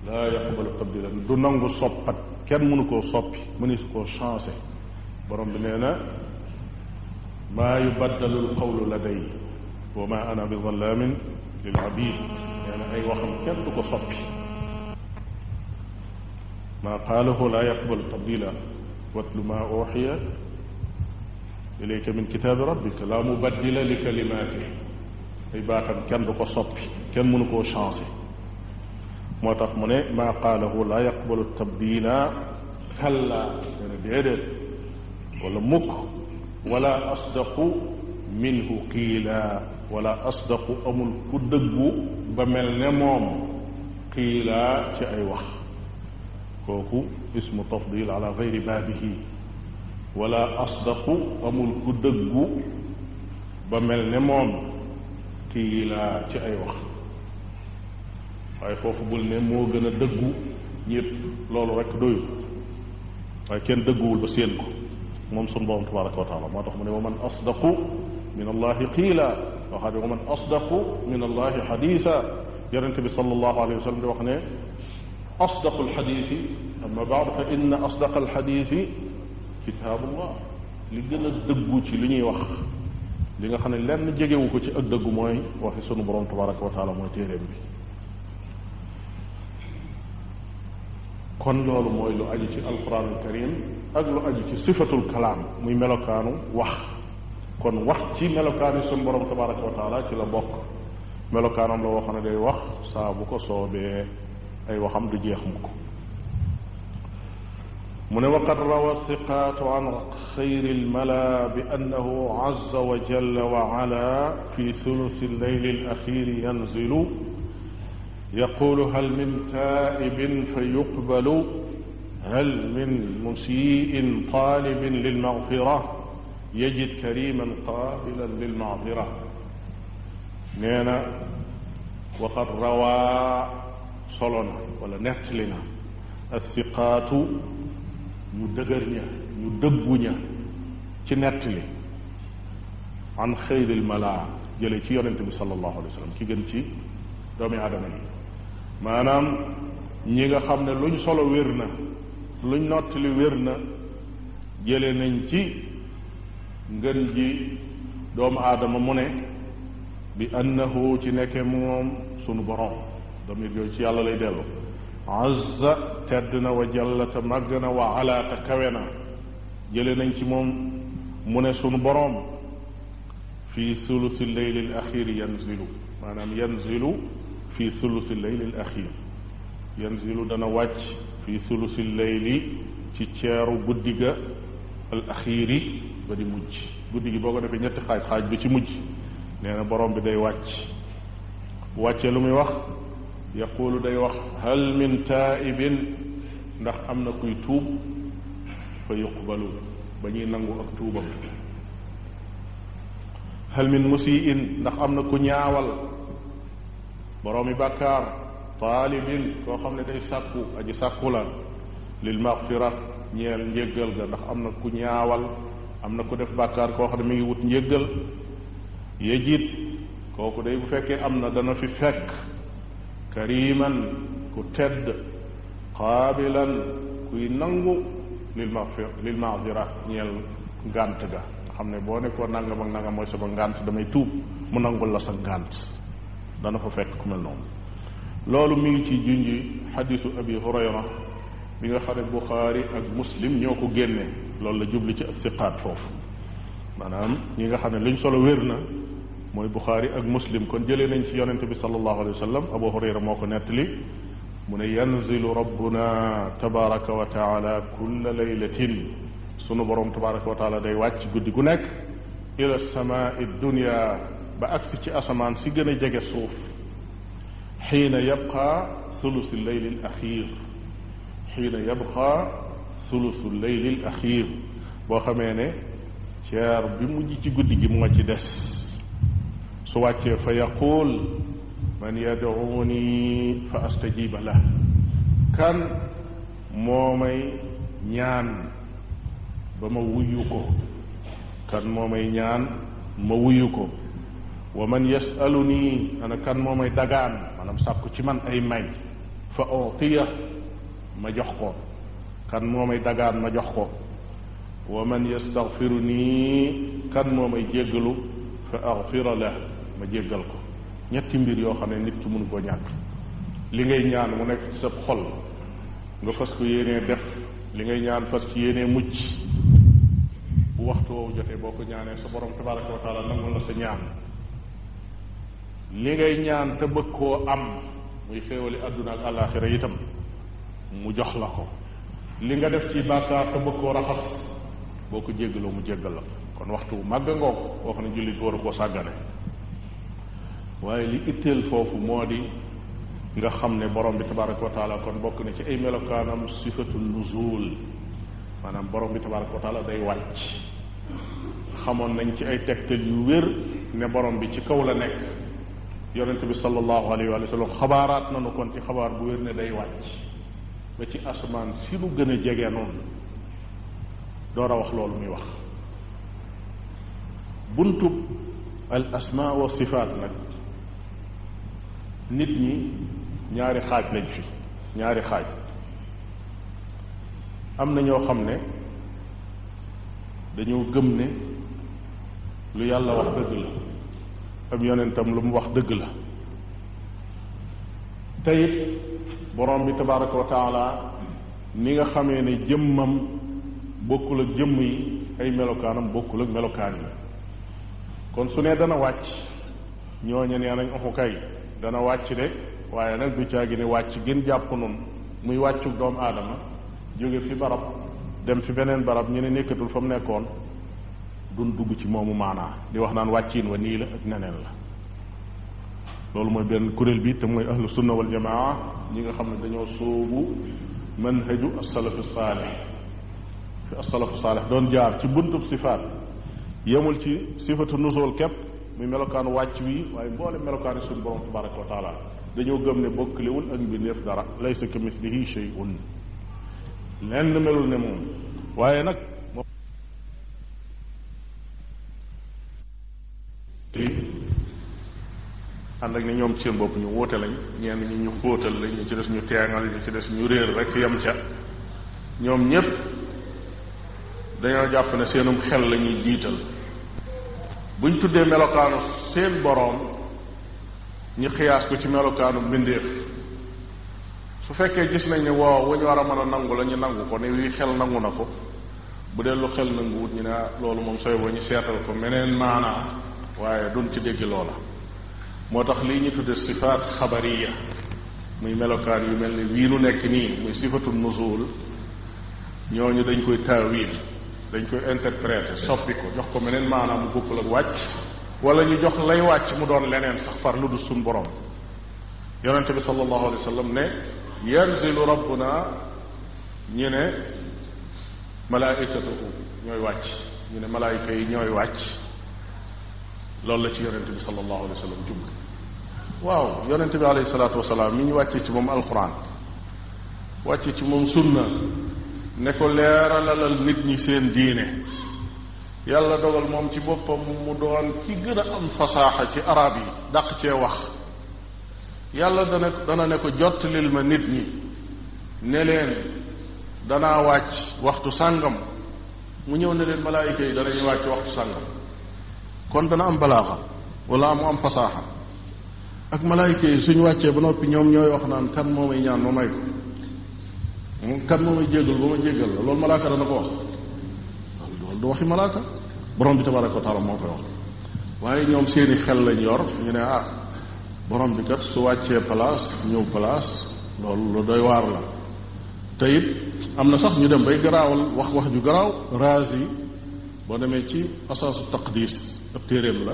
laa yaqbalu tabdilan du nangu soppat kenn mënu koo soppi mënees koo changé borom bi nee na maa yubaddalu lqawlu laday wa ma ana bi zallaamin lil abid nee na ay waxam kenn du ko soppi maa qaalahu laa yaqbalu tabdila watlu maa uuxiya ilayka min kitaabi rabbika laa mubaddila li kalimaatih ay baatam kenn du ko soppi kenn mënu koo changé moo tax mu ne maa qaalahu laa yaqbalu tabdiila kallaa nee na déedéet wala mukk wala asdaqu minhu qiila wala asdaqu amul ku dëggu ba mel ne moom qiila ci ay wax kooku ismu tafdil ala gayri baabihi wala asdaqu amul ku dëggu ba mel ne moom qiila ci ay wax waaye foofu bul ne moo gën a dëggu ñépp loolu rek doyul waaye kenn dëgguwul ba séen ko moom sunu borom tabaraka wa taala moo tax mu ne wa man asdaqu min allahi qiila waxaa ne wa man asdaqu min allahi xadiisa yonente bi sallallahu alayhi wa sallam di wax ne asdaqu alxadiisi amma baad fa inna asdaqa alxadiisi kitaabullah li gën a dëggu ci li ñuy wax li nga xam ne lenn jegewu ko ci ak dëggu mooy waxi sunu borom tabaraka wa taala mooy téeréem bi kon loolu mooy lu aju ci alquranul karim ak lu aju ci sifatul kalaam muy melokaanu wax kon wax ci melokaanu sunu borom tabaraka wa taala ci la bokk melokaanam la woo xam ne day wax saa bu ko soobee ay waxam du jeex mukk mu ne waqad rawa siqaatu an xayri lmala bi annahu azza wa jalla wa ala fi sulusi lleyli alaxiri yanzilu yaqulu hal min taa'ibin fa yuqbalu hal min musii'in taalibin lilmaghfira yajid kariman qaabilan lilmaghfira nee na waqad rawaa solo na wala nettali na athiqaatu ñu dëgër ña ñu dëggu ña ci nettali an xayril malaa jële ci yonente bi sallallahu alayhi wa sallam ki gën ci doomi aadama yi maanaam ñi nga xam ne luñ solo wér na luñ nottali wér na jële nañ ci ngën ji doomu aadama mu ne bi annahu ci nekke moom sunu borom damir yooyu ci yàlla lay dellu azza tedd na wa jallata màgg na wa alaata kawe na jële nañ ci moom mu ne sunu boroom fi sulusi leylil axiri yanzilu maanaam yanzilu fii sulusi leylil axir yanzilu dana wàcc fii sulusi leyli ci ceeru guddi ga al axiiri ba di mujj guddi gi boo ko defee ñetti xaaj xaaj bi ci mujj nee na borom bi day wàcc bu wàccee lu muy wax yaqulu day wax hal min taibin ndax am na kuy tuub fa yuqbalu ba ñuy nangu ak tuubam hal min musiin ndax am na ku ñaawal boroomi bàkkaar taalibin koo xam ne day sàkku aji sàkku la lil maxfira ñeel njéggal ga ndax am na ku ñaawal am na ku def bàkkaar koo xam ne mi ngi wut njéggal yejit kooku day bu fekkee am na dana fi fekk kariman ku tedd qaabilan kuy nangu lil maxfir ñeel ngànt ga xam ne boo ne ko nangam ak nangam mooy sama ngànt damay tuub mu nangul la sa ngànt dana fa fekk ku mel noonu loolu mu ngi ci junji xadisu abi hurayra bi nga xam ne buxaari ak muslim ñoo ko génne loolu la jubli ci asiqaat foofu maanaam ñi nga xam ne luñ solo wér na mooy buxaari ak muslim kon jëlee nañ ci yonente bi sallallahu alayhi wa sallam moo ko nettali mu ne yanzilu rabbuna tabaraka wa taala sunu borom tabaraka wa taala day wàcc guddi gu nekk ila samaa dunya ba agsi ci asamaan si gën a jege suuf xiina yabqa sulusu leyli l axiir boo xamee ne ceer bi mujj ci guddi gi moo ci des su wàccee fa yaquul man yad'uuni fa astajiba la kan moo may ñaan ba ma wuyu ko kan moo may ñaan ma wuyu ko wa man yasaluni ana kan moo may dagaan maanaam sàkku ci man ay may fa utiya ma jox ko kan moo may dagaan ma jox ko wa man yastaghfiruni kan moo may jéggalu fa aghfira ma jéggal ko ñetti mbir yoo xam ne nit ki mënu koo ñàkk li ngay ñaan mu nekk ci sa xol nga fas ko yéenee def li ngay ñaan fas ci yéenee mucc bu waxtu jotee boo ko ñaanee sa borom tabaraka wa taala nangul la sa ñaan li ngay ñaan te bëgg koo am muy xéewali àdduna ak àllaaxira itam mu jox la ko li nga def ci bàkkaar te bëgg raxas boo ko jéggaloo mu jéggal la kon waxtu wu màgg ngoog boo xam ne jullit waru koo sàggane waaye li itteel foofu moo di nga xam ne borom bi tabaraka wa taala kon bokk na ci ay melokaanam sifatu nuzul maanaam borom bi tabaraka wa taala day wàcc xamoon nañ ci ay tegtal yu wér ne borom bi ci kaw la nekk yonente bi sallallahu alayhi wa sallam xabaaraat nañu kon ci xabaar bu wér ne day wàcc ba ci asamaan si lu gën a jege noonu door a wax loolu muy wax buntub al asma wa sifaat nag nit ñi ñaari xaaj lañ fi ñaari xaaj am na ñoo xam ne dañoo gëm ne lu yàlla wax dëgg la ab yonentam lu mu wax dëgg la te borom bi tabaraka wa taala ni nga xamee ne jëmmam bokkul ak jëmm yi ay melokaanam bokkul ak melokaan yi kon su ne dana wàcc ñooñu nee nañ oxu kay dana wàcc de waaye nag du caagi ne wàcc gën jàpp noonu muy wàccu doomu aadama jóge fi barab dem fi beneen barab ñu ne nekkatul fa mu nekkoon duñ dugg ci moomu maanaa di wax naan wàccin wa nii la ak neneen la loolu mooy benn kuréel bi te mooy ahlu sunna wal ñi nga xam ne dañoo sóobu manhaju asalafu saalih fi asalafu saalih doon jaar ci buntub sifaat yemul ci sifatu nusool képp mu melokaanu wàcc wi waaye mboole melokaani suñu borom tabaraka dañoo gëm ne bokkliwul ak mbindeef dara laysa ka mislihi shay'un lenn melul ne moom waaye nag te ànd ak ni ñoom ci seen bopp ñu wóote lañ ñenn ñi ñu xóotal lañ ñu ci des ñu teengal ñu ci des ñu réer rek yem ca ñoom ñépp dañoo jàpp ne seenum xel lañuy ñuy jiital buñ tuddee melokaanu seen boroom ñu xiyaas ko ci melokaanu mbindeef su fekkee gis nañ ni waaw wu ñu war a mën a nangu la ñu nangu ko ne wii xel nangu na ko bu dee lu xel nanguwut ñu ne ah, loolu moom sooy boo ñu seetal ko meneen maanaa waaye duñ ci dégg loola moo tax lii ñu tudde sifaat xabariya muy melokaan yu mel ni wii nu nekk nii muy sifatu nuzul ñooñu dañ koy taawil dañ koy interpréter soppi ko jox ko meneen maanaam mu bokkul ak wàcc wala ñu jox lay wàcc mu doon leneen sax far lu dul suñ borom yonente bi sallallahu alayhi wa sallam ne yanzilu rabbuna ñu ne malaikatuhu ñooy wàcc ñu ne malaayika yi ñooy wàcc loolu la ci yonent bi sallallahu alayhi wa sallam jublu waaw yonent bi alayhi salaatu wa salaam mi ñu wàccee ci moom alxuraan wàcce ci moom sunna ne ko leeralalal nit ñi seen diine yàlla dogal moom ci boppam mu doon ki gën a am fasaaxa ci araab yi dàq cee wax yàlla dana dana ne ko jottalil ma nit ñi ne leen danaa wàcc waxtu sàngam mu ñëw ne leen malaayika yi danañu wàcc waxtu sàngam kon dana am balaaxa wala mu am fasaaxa ak malaayika yi suñu wàccee ba noppi ñoom ñooy wax naan kan moo may ñaan ma may ko hmm? kan moo may jéggal ba ma jéggal la loolu malaaka dana ko wax waxi malaaka borom bi wa taala moo koy wax waaye ñoom seeni xel lañ yor ñu ne ah borom bi kat su wàccee place ñëw place loolu lu waar la te am na sax ñu dem bay garaawal wax wax ju garaaw raas yi boo demee ci asaasu taqdis ab téeréem la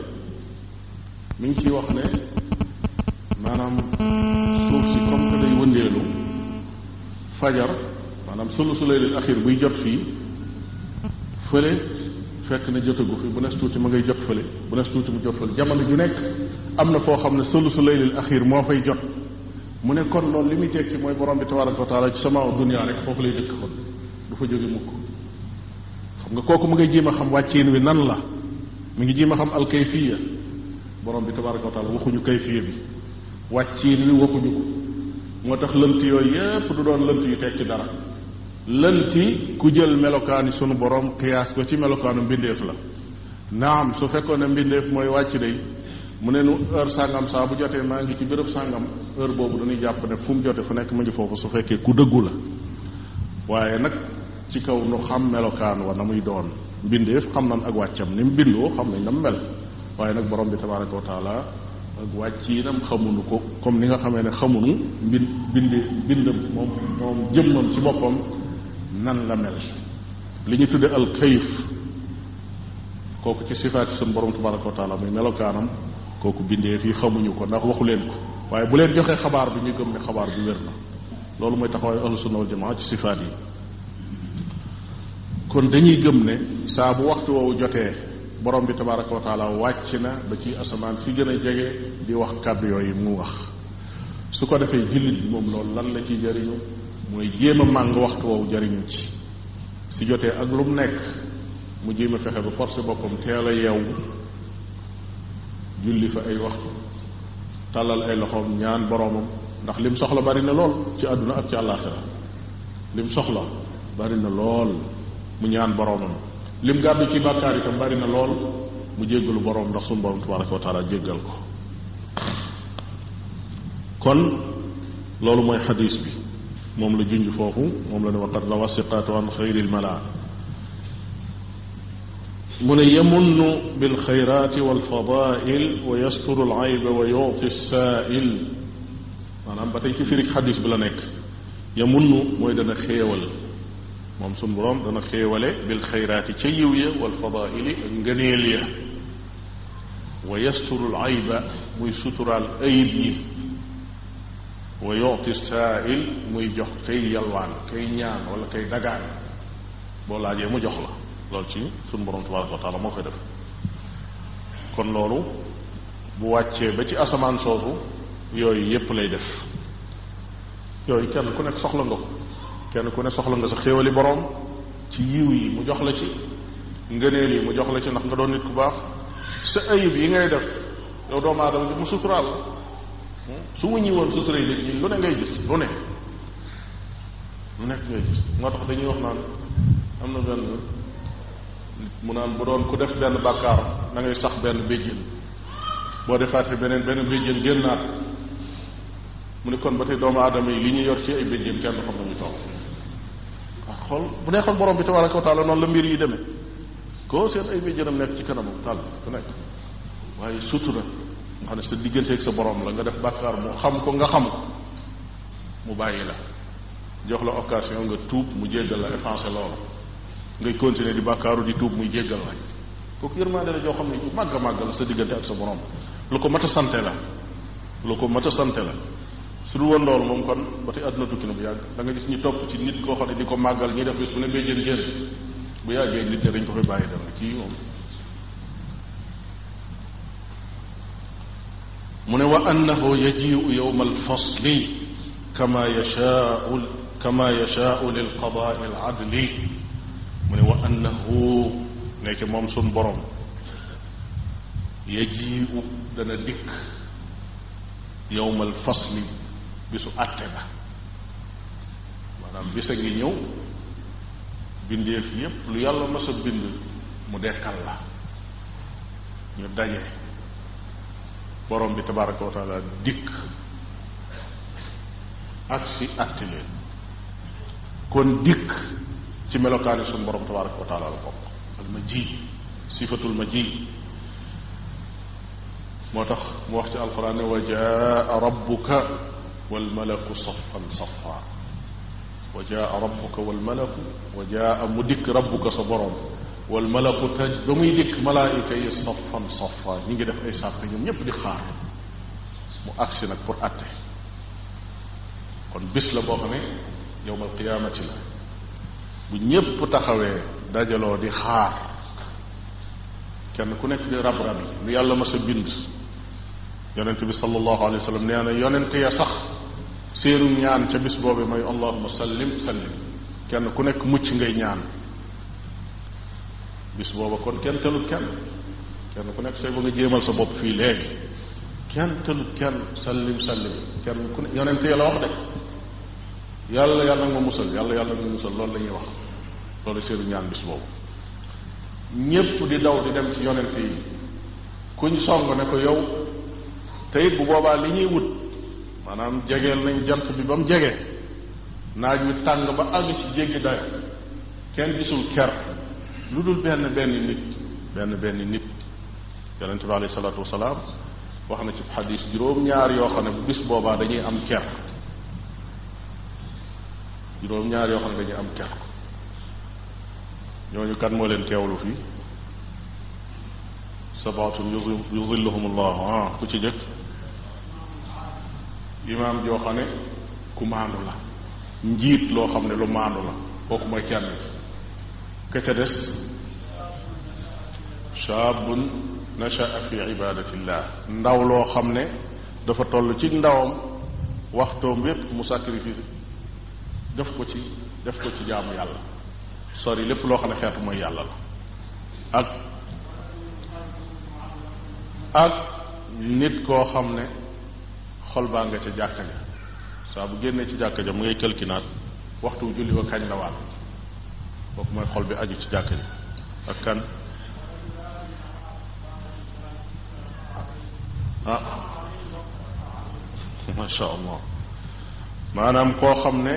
mi ngi ciy wax ne maanaam suuf si comme que day wëndeelu fajar maanaam sulu sulaylil axir buy jot fii fële fekk na jotagu fi bu nes tuuti ma ngay jot bu nes tuuti mu jot fële jamono ju nekk am na foo xam ne sulu sulaylil axir moo fay jot mu ne kon loolu li muy tekki mooy borom bi tabaraka wa taala ci sama dunia rek foofu lay dëkk kon du fa jóge mukk xam nga kooku mu ngay jéem a xam wàccin wi nan la mi ngi jéem ma xam alkayfiya borom bi tabaraka wa taala waxuñu kayfiya bi wàcciin wi waxuñu ko moo tax lënt yooyu yépp du doon lënt yu tekki dara lënti ku jël melokaani sunu borom qiyaas ko ci melokaanu mbindeef la naam su fekkoon ne mbindeef mooy wàcc day mu ne nu heure sàngam saa bu jotee maa ngi ci bërëb sàngam heure boobu dañuy jàpp ne fu mu jote fu nekk mu ngi foofu su fekkee ku dëggu la waaye nag ci kaw nu xam melokaan wa na muy doon mbindeef xam nañ ak wàccam ni mu bindoo xam nañ dam mel waaye nag borom bi tabaraka wa taala ak wàcc yi nam xamunu ko comme ni nga xamee ne xamunu mbind binde bindam moom moom jëmmam ci boppam nan la mel li ñu tudde al kayif kooku ci sifaati sun borom tabaraka wa taala muy melokaanam kooku bindee fii xamuñu ko ndax waxu leen ko waaye bu leen joxee xabaar bi ñu gëm ne xabaar bi wér na loolu mooy taxawaayu ahlu sunna wal jamaa ci sifaat yi kon dañuy gëm ne saabu waxtu woowu jotee borom bi tabaraka wa taala wàcc na ba ci asamaan si gën a jege di wax kàddu yi mu wax su ko defee jullit bi moom loolu lan la ciy jariñu mooy jéem màng waxtu woowu jariñu ci si jotee ak lu mu nekk mu jéem fexe ba force boppam teel a yeewu julli fa ay waxtu tàllal ay loxoom ñaan boroomam ndax lim soxla bari na lool ci àdduna ak ci àllaaxira lim soxla bari na lool mu ñaan boroomam lim gàddu ci bàkkaar itam na lool mu jéggalu boroom ndax sunu boroom tabaraka wa taala jéggal ko kon loolu mooy xadiis bi moom la junj foofu moom la ne waqad rawa siqaatu an xayril malaa mu ne yamunnu bil xayraati wal wa yasturu al ayba wa yu'ti saa'il maanaam ba tey ci firig xadiis bi la nekk yamunnu mooy dana xéewal moom suñu boroom dana xéewale bil xayraati ca yiw ya wal fadaili ak ngëneel ya wa yasturul ayba muy suturaal ayib yi wa yuti saail muy jox kay yalwaan kay ñaan wala kay dagaan boo laajee mu jox la loolu ci suñu boroom wa taala moo koy def kon loolu bu wàccee ba ci asamaan soosu yooyu yépp lay def yooyu kenn ku nekk soxla nga ko kenn ku ne soxla nga sa xéewali boroom ci yiw yi mu jox la ci ngëneel yi mu jox la ci ndax nga doon nit ku baax sa ayib yi ngay def yow doomu aadama bi hmm? su wuñi woon sutura yi nit moo tax dañuy wax naan am na benn nit mu naan bu doon ku def benn bàkkaar da ngay sax benn béjjén boo defaatee beneen benn béjjén génnaat mu ne kon ba tey doomu aadama yi li ñu yor ci ay béjjén kenn xam nañu toog xol bu nee neexoon borom bi tabaraka wa taala noonu la mbir yi demee koo seen ay méjjënam nekk ci kanamam tàll ku nekk waaye sutura nga xam ne sa digganteeg sa borom la nga def bàkkaar mu xam ko nga xam mu bàyyi la jox la occasion nga tuub mu jéggal la effacé loola ngay continuer di bàkkaaru di tuub muy jéggal la kooku yërmande la joo xam ne màgg a sa diggante ak sa borom lu ko mat a sante la lu ko mat a la su dul woon loolu moom kon ba tey àdduna tukki na bu yàgg da nga gis ñu topp ci nit koo xam ne di ko màggal ñuy def bu ne bay yàggee nit dañ ko fay bàyyi dem na ne wa annahu yajiu yowma alfasli kama yashaau kama yashaau lilqadaai aladli mu ne wa annahu nekk moom sun borom yajiu dana dikk yowma alfasli bisu àtte ba maanaam bisa ngi ñëw bindeef yépp lu yàlla mës a bind mu dekkal la ñu daje borom bi tabaraka wa dikk ak si àtte leen kon dikk ci melokaani suñu borom tabaraka wa bokk al ma ji sifatul ma ji moo tax mu wax ci alquran ne rabbuka walmalaku safan safa wa jaa rabbuka walmalaku wa jaa mu dikk rabbuka sa borom wal taj ba muy dikk malaayika yi safan safa ngi def ay sàppe ñoom ñépp di xaar mu agsi nag pour àtte kon bis la boo xam ne yowmal qiyaamati la bu ñépp taxawee dajaloo di xaar kenn ku nekk di rab rab yi lu yàlla mas a bind yonent bi sallallahu alayhi nee na yonent ya sax seenu ñaan ca bis boobu mooy allahuma sallim sallim kenn ku nekk mucc ngay ñaan bis boobu kon kenn tëlut kenn kenn ku nekk sooy bëgg a jéemal sa bopp fii léegi kenn tëlut kenn sallim sallim kenn ku nekk yonente la wax de yàlla yàlla nga musal yàlla yàlla nga musal lool la ñuy wax loolu seenu ñaan bis boobu ñépp di daw di dem ci yonente yi kuñ song ne ko yow te bu boobaa li ñuy wut maanaam jegeel nañ jant bi ba mu jege naaj wi tàng ba àgg ci jéggi dayo kenn gisul ker lu dul benn benn nit benn benn nit yonente bi alayhi salaatu wasalaam wax na ci xadis juróom-ñaar yoo xam ne bu bis boobaa dañuy am ker juróom-ñaar yoo xam ne dañuy am ker ñooñu kat moo leen teewlu fii sabaatun yuzilluhum allah ah ku ci jëkk imaam joo xam ne ku maandu la njiit loo xam ne lu maandu la kooku mooy kenn ki ka ca des shaabun nashaa fi ibadatillah ndaw loo xam ne dafa toll ci ndawam waxtoom yépp mu sacrifice def ko ci def ko ci jaamu yàlla sori lépp loo xam ne xeetu mooy yàlla la ak ak nit koo xam ne xol baa nga ca jàkka ja saa bu génnee ci jàkka ja mu ngay kalkinaat waxtu julli wa kañ la waat kooku mooy xol bi aju ci jàkka ja ak kan ah allah maanaam koo xam ne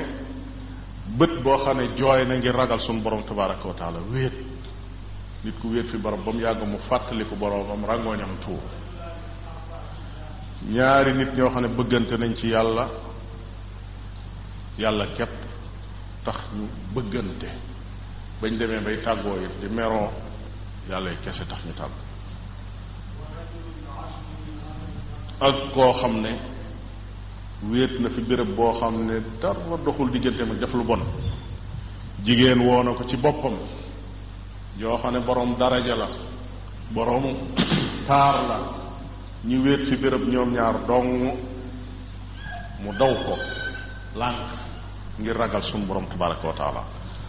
bët boo xam ne jooy na ngir ragal sunu borom tabaraka wa taala wéet nit ku wéet fi barab ba mu yàgg mu fàttaliku boromam rangooñam tuur ñaari nit ñoo xam ne bëggante nañ ci yàlla yàlla képp tax ñu bëggante bañ demee bay tàggoo it di meroo yàlla kese tax ñu tàgg ak koo xam ne wéet na fi béréb boo xam ne dara doxul diggante mag def lu bon jigéen woona ko ci boppam yoo xam ne boroom daraja la boroom taar la ñu wéet fi béréb ñoom ñaar dong mu daw ko lànk ngir ragal suñu borom tabaraka wa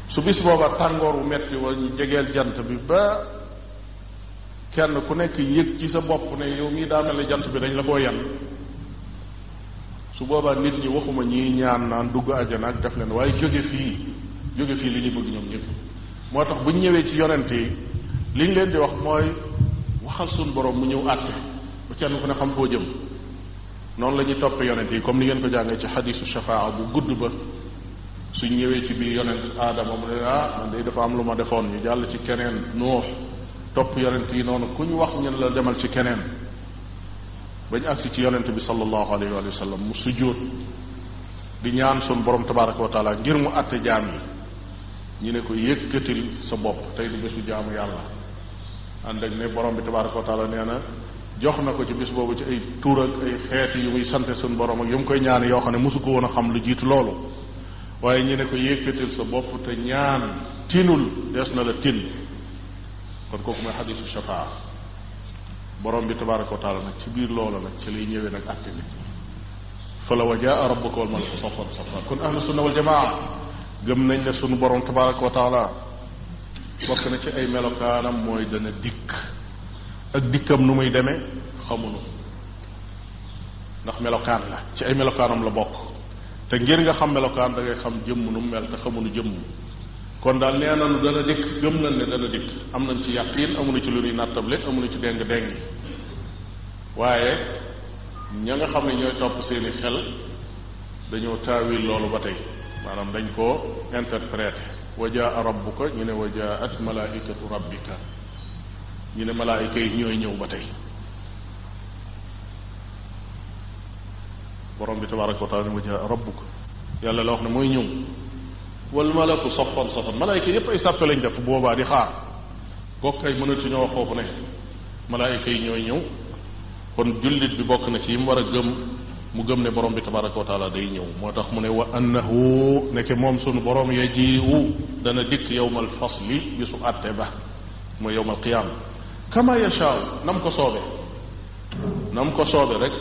su bis booba tàngoor wu metti wa ñu jegeel jant bi ba kenn ku nekk yëg ci sa bopp ne yow mii daa jant bi dañ la koo yan su boobaa nit ñi waxuma ñii ñaan naan dugg àjjana ak def leen waaye jóge fii jóge fii li ñu bëgg ñoom ñëpp moo tax bu ñu ñëwee ci yonente yi li ñu leen di wax mooy waxal suñu borom mu ñëw àtte kenn ku ne xam foo jëm noonu la ñuy topp yonent yi comme ni ngeen ko jàngee ci xadisu shafaa bu gudd ba suñ ñëwee ci biir yonent aadama mu ne ah man de dafa am lu ma defoon ñu jàll ci keneen nuux topp yonent yi noonu ku ñu wax ñen la demal ci keneen bañ agsi ci yonent bi sallallahu alayhi wa sallam mu sujjóot di ñaan sun borom tabaraka wa ngir mu àtte jaam yi ñu ne ko yëkkatil sa bopp tey du bésu jaamu yàlla ànd ak ne borom bi tabaraka wa na jox na ko ci bis boobu ci ay tuur ak ay xeet yu muy sante suñu borom ak yu mu koy ñaane yoo xam ne mosu ko woon a xam lu jiitu loolu waaye ñu ne ko yëkkatil sa bopp te ñaan tinul des na la tin kon kooku mooy xadisu shafaa borom bi tabaraka wa taala nag ci biir loola nag ci lay ñëwee nag àtte nit fa la wajaa rabbuka wal malaku safan safa kon ahlu sunna wal gëm nañ ne sunu borom tabaraka wa taala bokk na ci ay melokaanam mooy dana dikk ak dikkam nu muy demee xamuñu ndax melokaan la ci ay melokaanam la bokk te ngir nga xam melokaan da ngay xam jëmm nu mu mel te xamuñu jëmm kon daal nee nañu dana dikk gëm nañ ne dana dikk am nañ ci yàqiin amuñu ci lu ñuy nattable amuñu ci déng-déng waaye ña nga xam ne ñooy topp seeni xel dañoo taawil loolu ba tey maanaam dañ koo interpréter wa jaa ñu ne wa jaat malaikatu rabbika ñu ne malaayika yi ñooy ñëw ba tey borom bi tabaraka wa taala ma jaa rabbuk yàlla la wax ne mooy ñëw wal malaku soffan soffan malaayika yépp ay sàppe lañ def boobaa di xaar kooku kay mënatu ñoo wax foofu ne malaayika yi ñooy ñëw kon jullit bi bokk na ci yi mu war a gëm mu gëm ne borom bi tabaraka wa taala day ñëw moo tax mu ne wa annahu nekk moom sunu borom yajiwu dana dikk yowmal fasli bisu àtte ba mooy yowmal qiyaama kama yashaaw nam ko soobe nam ko soobe rek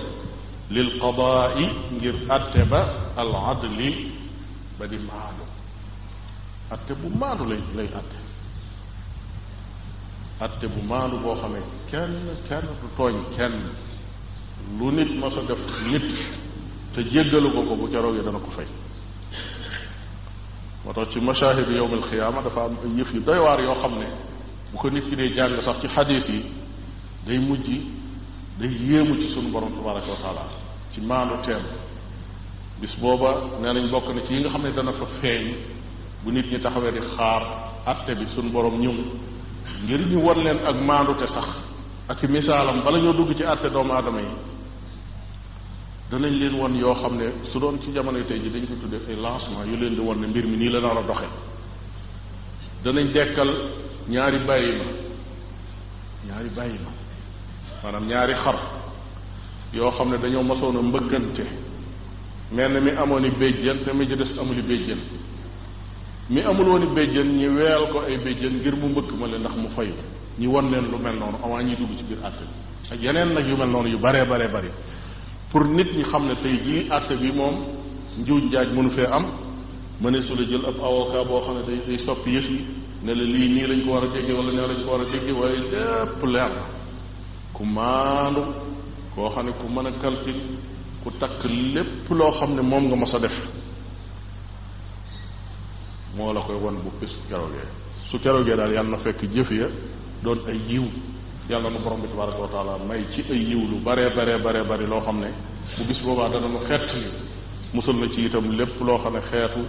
lil qadaai ngir atte ba al adli ba di maadu atte bu maadu lay lay atte atte bu maadu boo xamee kenn kenn du tooñ kenn lu nit ma sa nit te jéggalu ko ko bu keroog yi dana ko fay moo tax ci mashaahid yowm al xiyaama dafa am ay yëf yu doy waar yoo xam ne bu ko nit ki dee jàng sax ci xadis yi day mujj day yéemu ci sunu borom tabaraka wa taala ci maanu teem bis booba nee nañ bokk na ci yi nga xam ne dana fa feeñ bu nit ñi taxawee di xaar atte bi suñu borom ñëw ngir ñu won leen ak te sax ak i misaalam bala ñoo dugg ci atte doomu aadama yi danañ leen won yoo xam ne su doon ci jamono tey ji dañ ko tuddee ay lancement yu leen di won ne mbir mi nii la nar a doxe danañ dekkal ñaari bàyyi ma ñaari bàyyi ma maanaam ñaari xar yoo xam ne dañoo mosoon a mbëggante mel mi amoon i béjjën te mi ci des amul i béjjën mi amul woon i béjjën ñi weel ko ay béjjën ngir mu mbëkk ma leen ndax mu fayu ñi won leen lu mel noonu avant ñuy dugg ci biir àtte bi ak yeneen nag yu mel noonu yu baree baree bari pour nit ñi xam ne tey jii àtte bi moom njuuj njaaj mënu fee am mënee su la jël ab avocat boo xam ne day day soppi yëf yi ne la lii nii lañ ko war a déggee wala nee lañ ko war a waaye lépp leer na ku maandu koo xam ne ku mën a calcul ku takk lépp loo xam ne moom nga mos a def moo la koy won bu bis keroogee su keroogee daal yàlla na fekk jëf ya doon ay yiw yàlla na borom bi tabaraka wa taala may ci ay yiw lu baree baree baree bari loo xam ne bu bis boobaa dana nu xett ni na ci itam lépp loo xam ne xeetu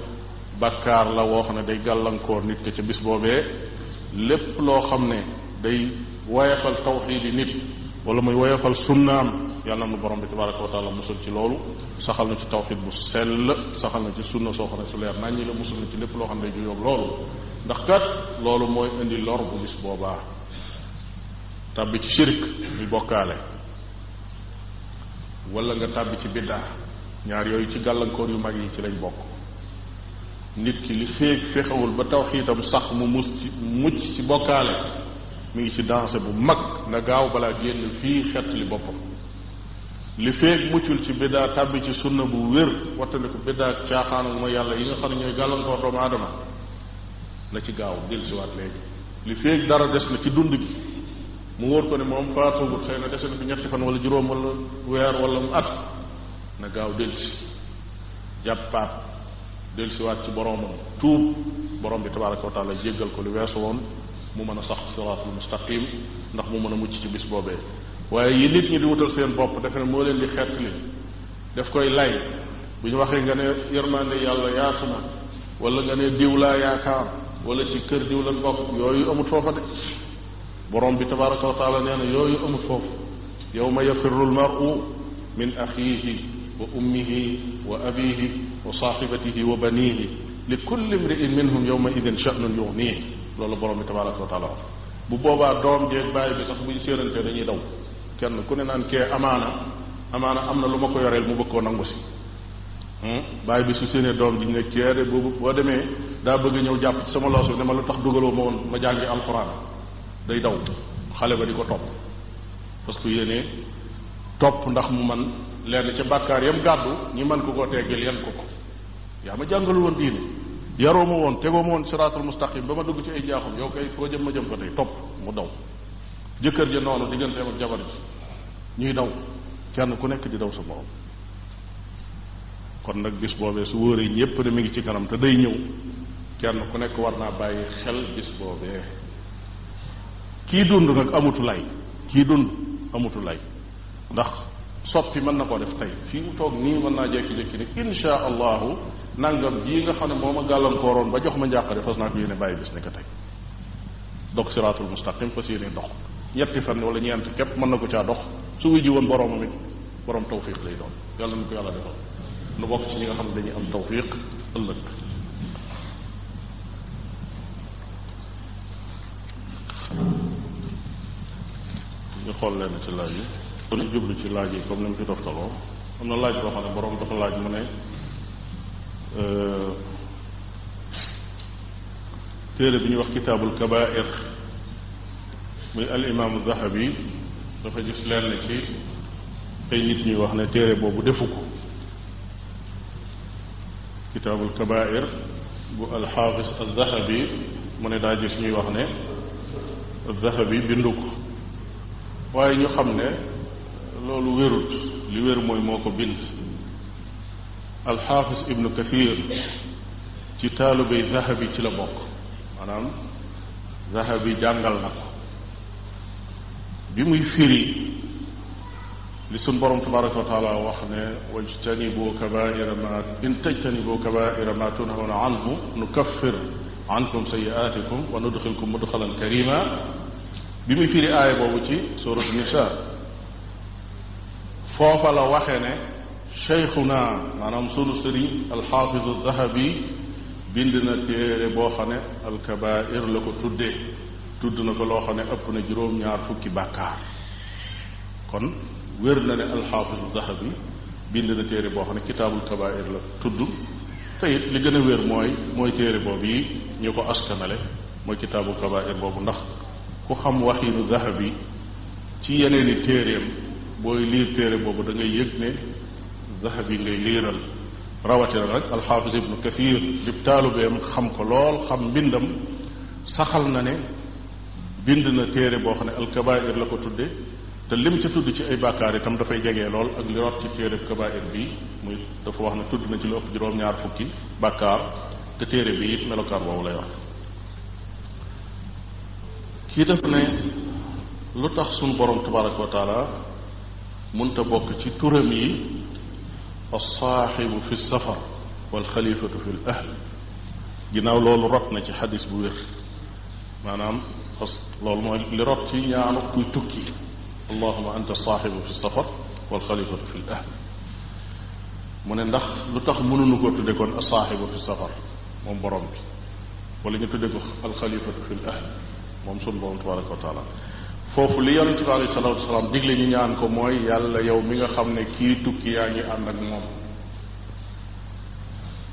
bàkkaar la woo xam ne day gàllankoor nit ka ca bis boobee lépp loo xam ne day woyofal tawxiidi nit wala muy woyofal sunnaam yàlla na borom bi tabaraka wa taala musul ci loolu saxal na ci tawxid bu sell saxal na ci sunna soo xam ne su leer ñi la musul na ci lépp loo xam ne day juyoog loolu ndax kat loolu mooy indi lor bu bis boobaa tàbbi ci shirk muy bokkaale wala nga tàbbi ci biddaa ñaar yooyu ci gàllankoor yu mag yi ci lañ bokk nit ki li féeg fexewul ba tawxiitam sax mu mus ci mucc ci bokkaale mi ngi ci dansé bu mag na gaaw balaa génn fii xet li boppam li féeg muccul ci biddaa tàbbi ci sunna bu wér wattandiku biddaa caaxaanal mooy yàlla yi nga xam ne ñooy gàllankoor aadama na ci gaaw dellusiwaat léegi li féeg dara des na ci dund gi mu wóor ko ne moom faatugul xëy na dese na fi ñetti fan wala juróom wala weer wala mu at na gaaw dellusi jàppaat siwaat ci boroomam tuub borom bi tabaraka wa taala jéggal ko lu weesu woon mu mën a sax siraatul mustaqim ndax mu mën a mucc ci bis boobee waaye yi nit ñi di wutal seen bopp defe ne moo leen di xett li def koy lay bu ñu waxee nga ne yërmande yàlla yaatu na wala nga ne diw laa yaakaar wala ci kër diw lan bokk yooyu amut foofa de borom bi tabaraka wa taala nee na yooyu amut foofu yawma yafirru almaru min axiihi wa ummihi wa abihi wa saaxibatihi wa banihi li kulli mriin minhum yowma idin shanun yugnihi loolu borom bi tabaraka wa taala wax bu boobaa doom jeeg bàyyi bi sax buñ séerantee dañuy daw kenn ku ne naan kee amaana amaana am na lu ma ko yoreel mu bëgg koo nangu si hmm? bàyyi bi su séenee doom bi ñu ne ceere boobu boo demee daa bëgg ñëw jàpp ci sama loosu ne ma lu tax dugaloo ma woon ma jàngi alxuraan day daw xale ba di ko topp parce que yéene topp ndax mu man lenn ci bàkkaar yam gàddu ñi man ko koo teggil yan ko ko yaa ma jàngal woon diine yaroo ma woon tegoo ma woon siraatul mustaqim ba ma dugg ci ay njaaxum yow kay foo jëm ma jëm fa tey topp mu daw jëkkër ja noonu digganteem ak jabar ji ñuy daw kenn ku nekk di daw sa morom kon nag bis boobee su wóoree ñépp ne mi ngi ci kanam te day ñëw kenn ku nekk war naa bàyyi xel bis boobee kii dund nag amutu lay kii dund amutu lay ndax soppi mën na koo def tey fii mu toog nii mën naa jékki-jékki ne insha allahu nangam jii nga xam ne moo ma gàllankooroon ba jox ma njàqare fas naa ko yéene bàyyi bis ni ko tey dog siraatul mustaqim fas yéene dox ñetti fan wala ñeent képp mën na ko caa dox su wu ji woon boroomam it borom tawfiq lay doon yàlla na ko yàlla defal nu bokk ci ñi nga xam ne dañuy am tawfiq ëllëg ñu xool leen ci laaj yi pour ñu jublu ci laaj yi comme ni mu fi toftaloo xam na laaj boo xam ne boroom dafa laaj mu ne euh, téere bi ñuy wax kitaabul kabair muy al imaamu zahabi dafa gis lenn ci ay nit ñuy wax ne téere boobu defu ko kitaabul kabair bu alxaafis al mu ne daa su ñuy wax ne al zahabi bindu ko waaye ñu xam ne loolu mooy moo ko bind alxaafis ibnu kasir ci taalibey zahabi ci la bokk maanaam zahabi jàngal na ko bi muy firi li suñ borom tabaraka ma in tajtanibu kabaira ma tunhawna anhu nukaffir ankum sayiatikum wa nudxilkum mudxalan karima bi muy firi aaya boobu ci suratu nisa foofa la waxe ne cheikhuna maanaam sunu sëriñ alxaafidu dahabi bind na téere boo xam ne alkabair la ko tuddee tudd na ko loo xam ne ëpp na juróom-ñaar fukki bàkkaar kon wér na ne alxaafidu dahabi bind na téere boo xam ne kitaabul kabair la tudd te li gën wér mooy mooy téere yi ñu ko askanale mooy kitaabul kabair boobu ndax ku xam waxiinu dahabi ci yeneeni téereem booy liir téere boobu dangay ngay yëg ne zahabi ngay liiral rawatina nag alxaafis ibnu kasir lib taalubeem xam ko lool xam mbindam saxal na ne bind na téere boo xam ne alkabair la ko tudde te lim ca tudd ci ay bàkkaar itam dafay jege lool ak li rot ci téere bi muy dafa wax ne tudd na ci lu ëpp juróom-ñaar fukki bàkkaar te téere bi it melokaan woowu lay wax kii dafa ne lu tax sunu borom tabaraka wa munta bokk ci turam yi alsaaxibu fi safar walxalifatu fi l ahl ginnaaw loolu rot na ci xadis bu wér maanaam xas loolu mooy li rot ci ñaanu kuy tukki allahuma anta saaxibu fi safar walxalifatu fi l ahl mu ne ndax lu tax mënuñu ko tudde kon a saaxibu fi safar moom borom bi wala ñu tudde ko alxalifatu fi l ahl moom sunu borom tabaraka wa taala foofu li yonente bi alayhi salaatu wasalaam digle ñu ñaan ko mooy yàlla yow mi nga xam ne kii tukki yaa ngi ànd ak moom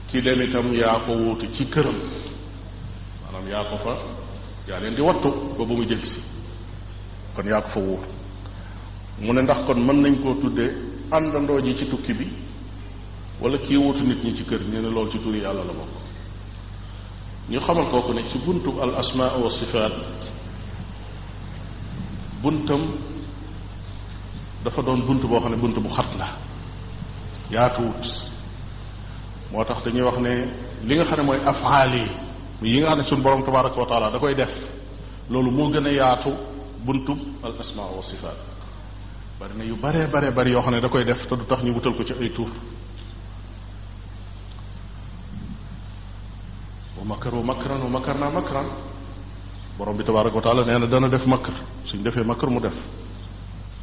ki dem itam yaa ko wuutu ci këram maanaam yaa ko fa yaa leen di wattu ba mu jël si kon yaa ko fa wuutu mu ne ndax kon mën nañ koo tuddee àndandoo ji ci tukki bi wala kii wuutu nit ñi ci kër ñu ne lool ci turi yàlla la bokk ñu xamal kooku ne ci buntu al asmaa wa sifaat buntam dafa doon bunt boo xam ne bunt bu xat la yaatuwut moo tax dañuy wax ne li nga xam ne mooy afaal yi yi nga xam ne suñ borom tabaraka wa da koy def loolu moo gën a yaatu buntub al asma wa sifaat bari yu baree baree bari yoo xam ne da koy def te du tax ñu wutal ko ci ay tur wa makaru makran wa makar naa makran borom bi tabaraka wa taala nee na dana def makkar suñ defee makkar mu def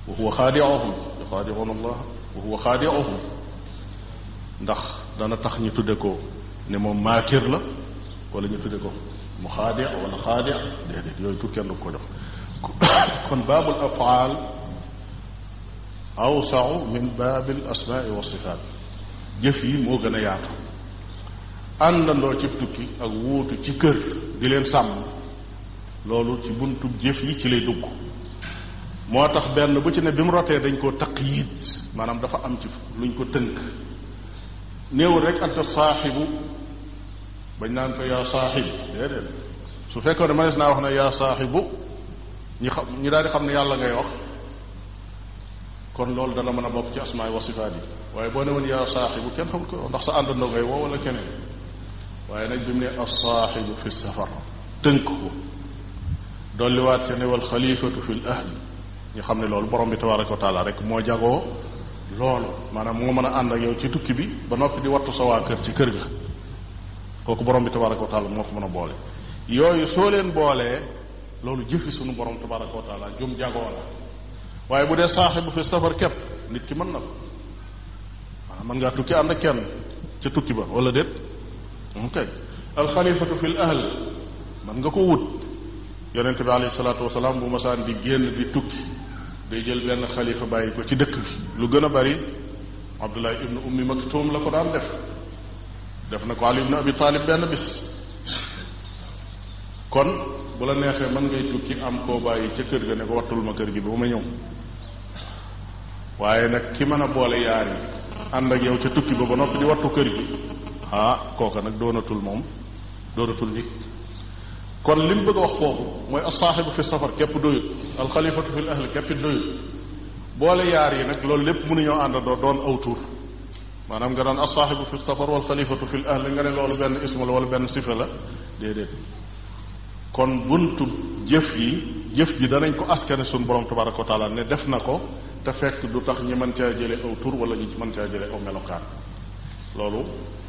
wa huwa xaadiuhum yuxaadiuuna allah wa huwa xaadiuhum ndax dana tax ñu tudde ko ne moom maakir la wala ñu tudde ko mu xaadi wala xaadi déedéet yooyu tur kenn ko jox kon baabul afaal awsau gën a yaatu àndandoo ci tukki ak wuutu ci kër di leen sàmm loolu ci buntub jëf yi ci lay dugg moo tax benn bu ci ne bi mu rotee dañ koo taqyiid maanaam dafa am ci luñ ko tënk rek anta saaxibu bañ naan ko yaa saaxib déedéet su fekkoon ne naa wax ne yaa saaxibu ñi xam ñi daal di xam ne yàlla ngay wax kon loolu dana mën a bokk ci asmaay wa sifaat yi waaye boo ne woon yaa saaxibu kenn xamul ko ndax sa àndandoo ngay woo wala keneen waaye nag bi mu ne as saaxibu fi safar tënk ko dolliwaat ca ne wal xalifatu fi ahl ñu xam ne loolu borom bi tabaraka wa taala rek moo jagoo loolu maanaam moo mën a ànd ak yow ci tukki bi ba noppi di wattu sa waa kër ci kër ga kooku borom bi tabaraka wa taala moo ko mën a boole yooyu soo leen boolee loolu jëfi sunu borom tabaraka wa taala jum jagoo la waaye bu dee saaxibu fi safar képp nit ki mën na ko maanaam mën ngaa tukki ànd ak kenn ca tukki ba wala déet ok alxalifatu fil ahl mën nga ko wut yonente bi alayhi salaatu wasalaam bu masaan di génn di tukki day jël benn xalifa bàyyi ko ci dëkk bi lu gën a bari abdullah ibnu ummi maktuum la ko daan def def na ko ali ibnu abi taalib benn bis kon bu la neexee man ngay tukki am koo bàyyi ca kër ga ne ko wattul ma kër gi ba ma ñëw waaye nag ki mën a boole yaar yi ànd ak yow ca tukki ba ba noppi di wattu kër gi ah kooka nag doonatul moom doonatul nit kon li mu bëgg a wax foofu mooy asaaxibu fi safar képp doyut alxalifatu fil ahli képp doyut boole yaar yi nag loolu lépp mënuñoo àndandoo doon aw tur maanaam nga doon asaaxibu fi safar wal xalifatu fil ahli nga ne loolu benn ismu la wala benn sifa la déedéet kon buntu jëf yi jëf ji danañ ko askane suñu borom tabaraka wa taala ne def na ko te fekk du tax ñi mën caa jële aw tur wala ñi mën caa jële aw melokaan loolu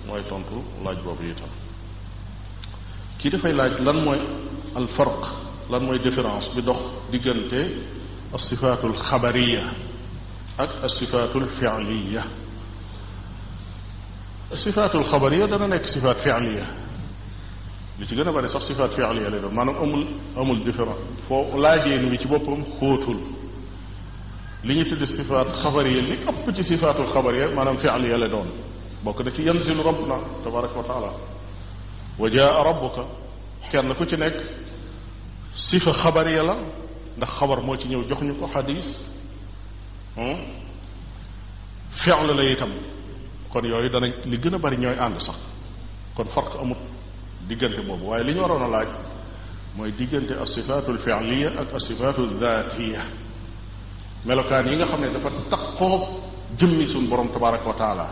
mooy tontu laaj boobu itam kii dafay laaj lan mooy al farq lan mooy différence bi dox diggante asifaatu alxabariya ak asifaatu alfiiliya sifaatu alxabariya dana nekk sifaat fiiliya li ci gën a bari sax sifaat fiiliya lay doon maanaam amul amul différence foo laajeen wi ci boppam xóotul li ñu tudd sifaat xabariya li ëpp ci sifaatul xabariya maanaam fiiliya la doon bokk na ci yanzilu rabbuna tabaraka wa wa jaa rabbuka kenn ku ci nekk sifa xabar la ndax xabar moo ci ñëw jox ñu ko xadis hmm? fi'l la itam kon yooyu danañ li gën a bari ñooy ànd kon farq amut diggante boobu waaye li ñu waroon a laaj mooy diggante as-sifaatul fi'liya ak as-sifaatul zaatiya melokaan yi nga xam ne dafa taqoo jëmmi suñ borom tabaraka wa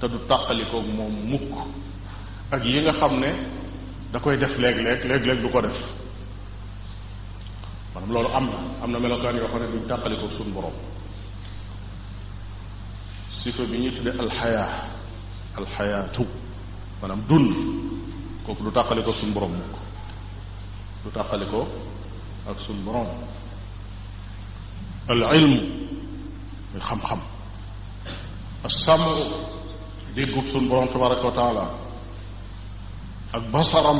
te du tàqalikoo moom mukk ak yi nga xam ne da koy def léeg-léeg léeg-léeg du ko def maanaam loolu am na am na melokaan yoo xam ne duñ tàqali ko suñu borom sifa bi ñuy tudde alxaya alxayaatu maanaam dund kooku du tàqali ko suñu borom mukk du ko ak suñu borom al ilmu muy xam-xam as samu déggub suñu borom tabaraka wa ak basaram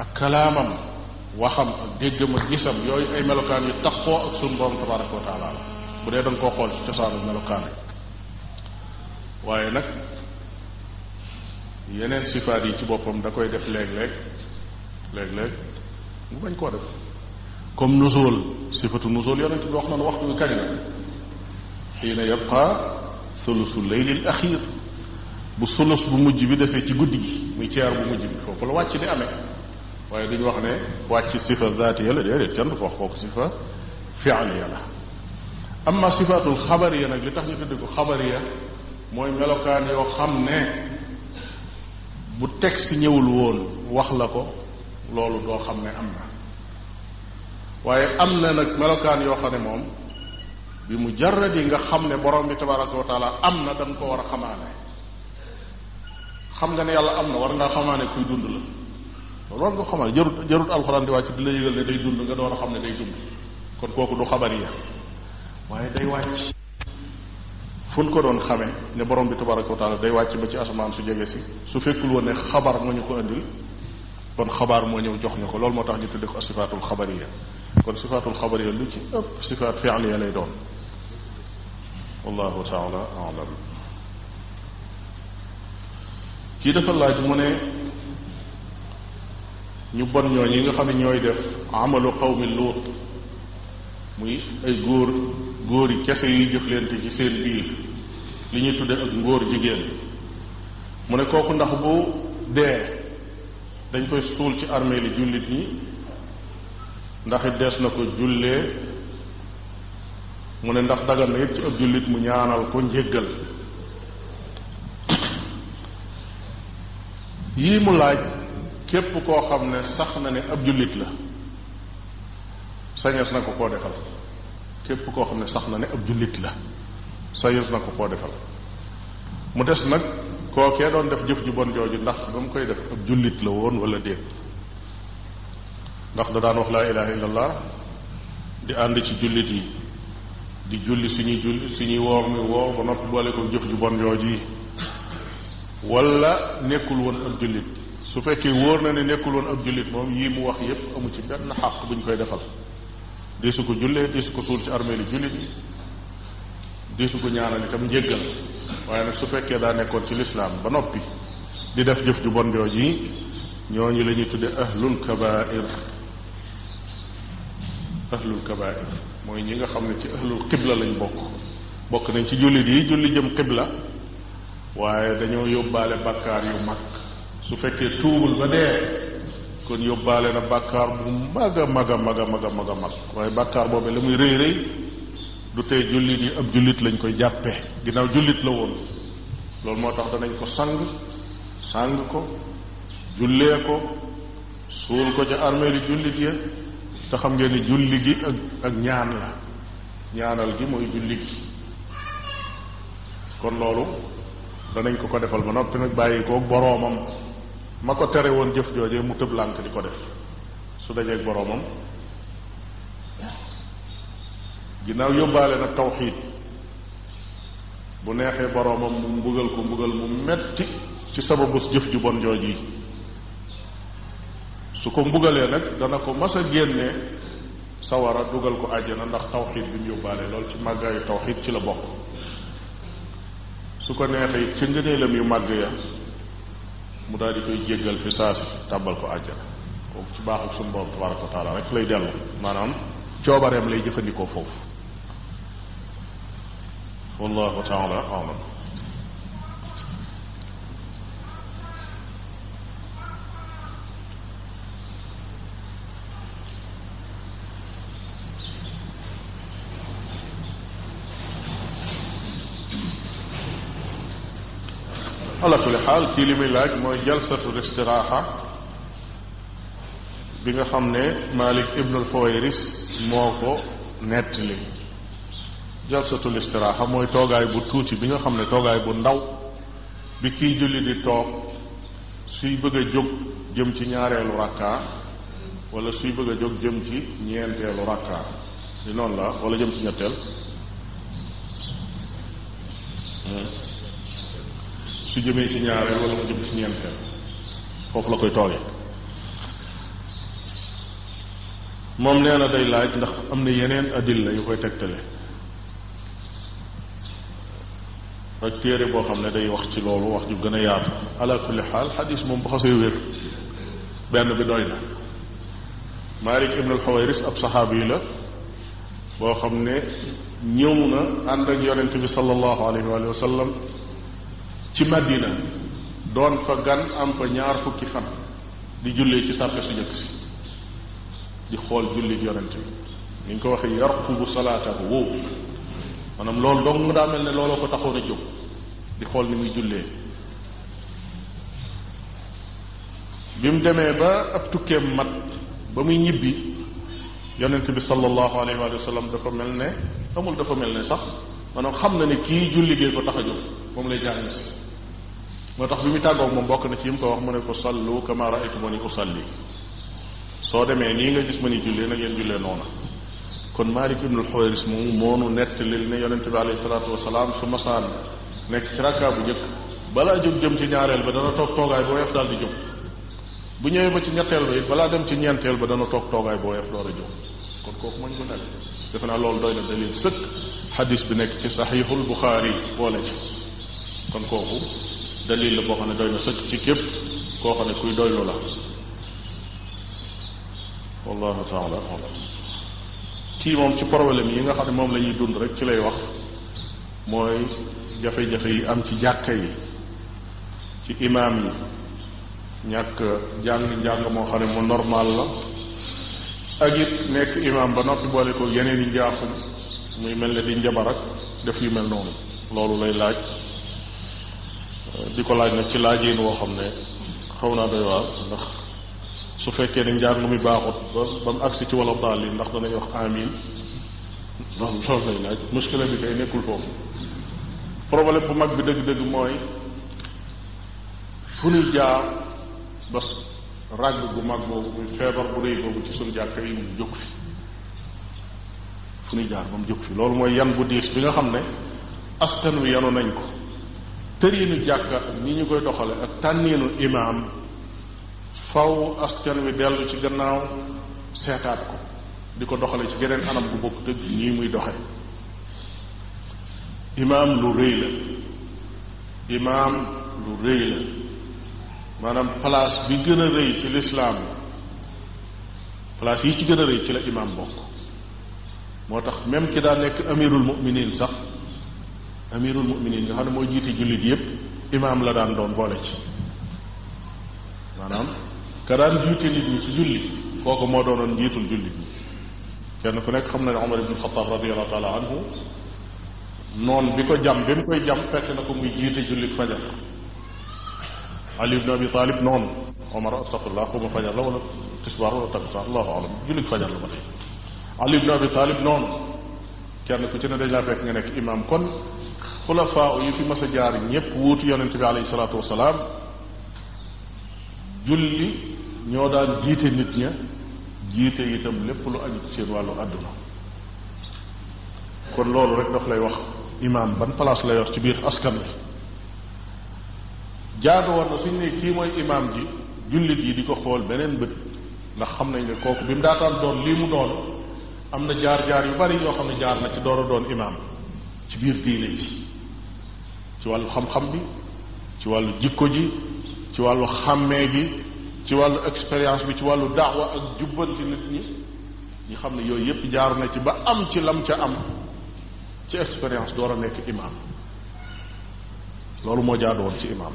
ak kalaamam waxam ak déggam ak gisam yooyu ay melokaan yu taxoo ak sunu borom tabaraka wa taala la bu dee da nga xool ci cosaanu melokaan yi waaye nag yeneen sifaat yi ci boppam da koy def léeg-léeg léeg-léeg mu bañ koo def comme nuzul sifatu nuzul yonent bi wax na waxtu bi kañ la xiina yabqa thulusu leylil axiir bu sulus bu mujj bi desee ci guddi gi muy ceer bu mujj bi foofu la wàcc di amee waaye duñu wax ne wàcc sifa la yàlla déedéet kenn du ko wax kooku sifa fi'liya la amma sifaatul xabariya nag li tax ñu tudd ko xabariya mooy melokaan yoo xam ne bu teg texte ñëwul woon wax la ko loolu doo xam ne am na waaye am na nag melokaan yoo xam ne moom bi mujarrad yi nga xam ne borom bi tabaraka wa am na da ko war a xamaane xam nga ne yàlla am na war ngaa xamaa ne kuy dund la loolu war nga xamaa ne jarut alxuraan di wàcc di la yëgal ne day dund nga door a xam ne day dund kon kooku du xabar ya waaye day wàcc fu ko doon xamee ne borom bi tabaraka wa taala day wàcc ba ci asamaan su jege si su fekkul woon ne xabar moo ñu ko andil kon xabaar moo ñëw jox ñu ko loolu moo tax ñu tudde ko sifaatul xabariya kon sifaatul xabariya lu ci ëpp sifaat fi'liya lay doon wallahu taala alam kii dafa laaj mu ne ñu bon ñoo yi nga xam ne ñooy def amalu qawmi luut muy ay góor góor yi kese yuy jëflante ci seen biir li ñuy tudde ak ngóor jigéen mu ne kooku ndax bu dee dañ koy suul ci armée li jullit yi ndaxi it dees na ko jullee mu ne ndax dagan na it ci ab jullit mu ñaanal ko njéggal yii mu laaj képp koo xam ne sax na ne ab jullit la sañees na ko koo defal képp koo xam ne sax na ne ab jullit la sañees na ko koo defal mu des nag kookee doon def jëf ju bon jooju ndax ba mu koy def ab jullit la woon wala déet ndax da daan wax laa ilaha illallah di ànd ci jullit yi di julli suñuy julli suñuy woor mi woor ba noppi boole ko jëf ju bon jooju yi wala nekkul woon ab jullit su fekkee wóor na ne nekkul woon ab jullit moom yii mu wax yépp amu ci benn xàq bu ñu koy defal di ko jullee di ko suul ci armeeli jullit yi di su ko ñaanal waaye nag su fekkee daa nekkoon ci lislaam ba noppi di def jëf ju bon jooju yi ñooñu la ñuy tudde mooy ñi nga xam ne ci ahlul qibla lañ bokk bokk nañ ci jullit yi julli jëm qibla waaye dañoo yóbbaale bàkkaar yu mag su fekkee tuubul ba dee kon yóbbaale na bàkkaar bu mag a mag a mag a mag waaye bàkkaar boobee la muy rëy rëy du tey jullit yi ab jullit lañ koy jàppe ginnaaw jullit la woon loolu moo tax danañ ko sang sang ko jullee ko suul ko ca armeeli jullit yi te xam ngeen ni julli gi ak ak ñaan la ñaanal gi mooy julli gi kon loolu danañ ko ko defal ba noppi nag bàyyi ko boroomam ma ko tere woon jëf joojee mu tëb lànk di ko def su dajeeg boroomam ginnaaw yóbbaale nag tawxiid bu neexee boroomam mu mbugal ko mbugal mu metti ci sababus jëf ju bon jooj yi su ko mbugalee nag dana ko mas a sawara dugal ko àjjana ndax tawxiid bi mu yóbbaale lool ci màggaayu tawxiid ci la bokk su ko neexee ca ngëneelam yu màgg ya mu daal di koy jéggal fi saa si tàbbal ko àjjana kooku su baaxul suñu borom tabaraka wa rek lay dellu maanaam coobareem lay jëfandikoo foofu wallahu taala alam ala kulli xaal kii li muy laaj mooy jalsatul istiraaxa bi nga xam ne Malik ibnul Xuwayris moo ko nettali jalsatul istiraaxa mooy toogaay bu tuuti bi nga xam ne toogaay bu ndaw bi kiy julli di toog suy bëgg a jóg jëm ci ñaareelu rakkaa wala suy bëgg a jóg jëm ci ñeenteelu rakkaa di noonu la wala jëm ci ñetteel hmm. su jëmee ci ñaareel wala mu jëm ci ñeenteel foofu la koy toogee moom nee na day laaj ndax am na yeneen adilla yu koy tegtale ak téere boo xam ne day wax ci loolu wax ju gën a yaatu ala kulli xaal xadis moom bu xasee wér Malik ibn al ab saxaabi la boo xam ne ñëw na ànd ak yonent bi sallallahu alayhi wa ci Madina doon fa gan am fa ñaar fukki xam di jullee ci sàppe su njëkk si di xool jullit yonente bi ni ñu ko waxee yarqubu salaatahu wow lool loolu dong daa mel ne looloo ko taxoon a jóg di xool ni muy jullee bi mu demee ba ab tukkeem mat ba muy ñibbi yonent bi sallallahu alayhi wa sallam dafa mel ne amul dafa mel ne sax maanaam xam na ni kii julli gee ko tax a jóg moom lay jàng moo tax bi mu tàggoog moom bokk na ci yim ko wax mu ne ko sallu kama raaytumuni usalli soo demee nii nga gis ma ni jullee na ngeen jullee noona kon Maalik ibnul Xuwayris moomu moonu nettalil ne yonente bi alayhi salaatu wasalaam su masaan nekk ci rakkaa bu njëkk balaa jóg jëm ci ñaareel ba dana toog toogaay bu woyof daal di jóg bu ñëwee ba ci ñetteel ba it balaa dem ci ñeenteel ba dana toog toogaay boo weef door a jóg kon kooku mañ ko nekk defe naa loolu doy na dalil sëkk xadis bi nekk ci saxiixul buxaari boole ci kon kooku dalil la boo xam ne doy na sëkk ci képp koo xam ne kuy doylu la wallahu taala alam kii moom ci problème yi nga xam ne moom la ñuy dund rek ci lay wax mooy jafe-jafe yi am ci jàkka yi ci imaam yi ñàkk jàng njàng moo xam ne mu normal la ak it nekk imaam ba noppi boole ko yeneen i njaaxum muy mel na di njabar ak def yu mel noonu loolu lay laaj euh, di ko laaj na ci laaj laajiin woo xam ne xaw naa doy waar ndax su fekkee ne njàng mi baaxut ba ba agsi ci wala daal yi ndax danañ wax amin loolu loolu lay laaj muskila bi kay nekkul foofu problème bu mag bi dëgg-dëgg mooy fu ñuy jaar bés ràgg gu mag boobu muy feebar bu rëy boobu ci suñ jàkka yi mu jóg fi fu ñuy jaar ba mu jóg fi loolu mooy yan bu diis bi nga xam ne askan wi yanu nañ ko tëriinu jàkka ak ni ñu koy doxale ak tànniinu imaam faw askan wi dellu ci gannaaw seetaat ko di ko doxale ci geneen anam gu bokk dëgg nii muy doxe imaam lu rëy la imaam lu rëy la maanaam place bi gën a rëy ci lislaam place yi ci gën a rëy ci la imaam bokk moo tax même ki daa nekk amirul muminin sax amirul muminin nga xam ne mooy jiite jullit yépp imaam la daan doon boole ci maanaam ka daan jiite nit ñi ci julli kooku moo doonoon njiitul jullit ñi kenn ku nekk xam na ne Omar ibn Xataab radiallahu taala anhu noon bi ko jam bi mu koy jam fekk na ko muy jiite jullit fajar ali ibn abi talib noonu omar astafirullah xuma fajar la wala tisbaar wala takusaan allahu alam jullit fajar la ba tey ali ibn abi talib noonu kenn ku ci ne dañ laa fekk nga nekk imam kon xulafaa yi fi mas a jaar ñépp wuutu yonente bi alayhi salaatu wasalaam julli ñoo daan jiite nit ña jiite itam lépp lu aju ci seen wàllu àdduna kon loolu rek daf lay wax imaam ban place la yor ci biir askan bi jaadu woon na suñ ne kii mooy imaam ji jullit yi di ko xool beneen bët ndax xam nañ ne kooku bi mu daataan doon lii mu doon am na jaar-jaar yu bari yoo xam ne jaar na ci door a doon imaam ci biir diine ji ci wàllu xam-xam bi ci wàllu jikko ji ci wàllu xàmmee gi ci wàllu expérience bi ci wàllu daawa ak jubbanti nit ñi ñi xam ne yooyu yépp jaar na ci ba am ci lam ca am ci expérience door a nekk imaam loolu moo jaadu woon ci imaam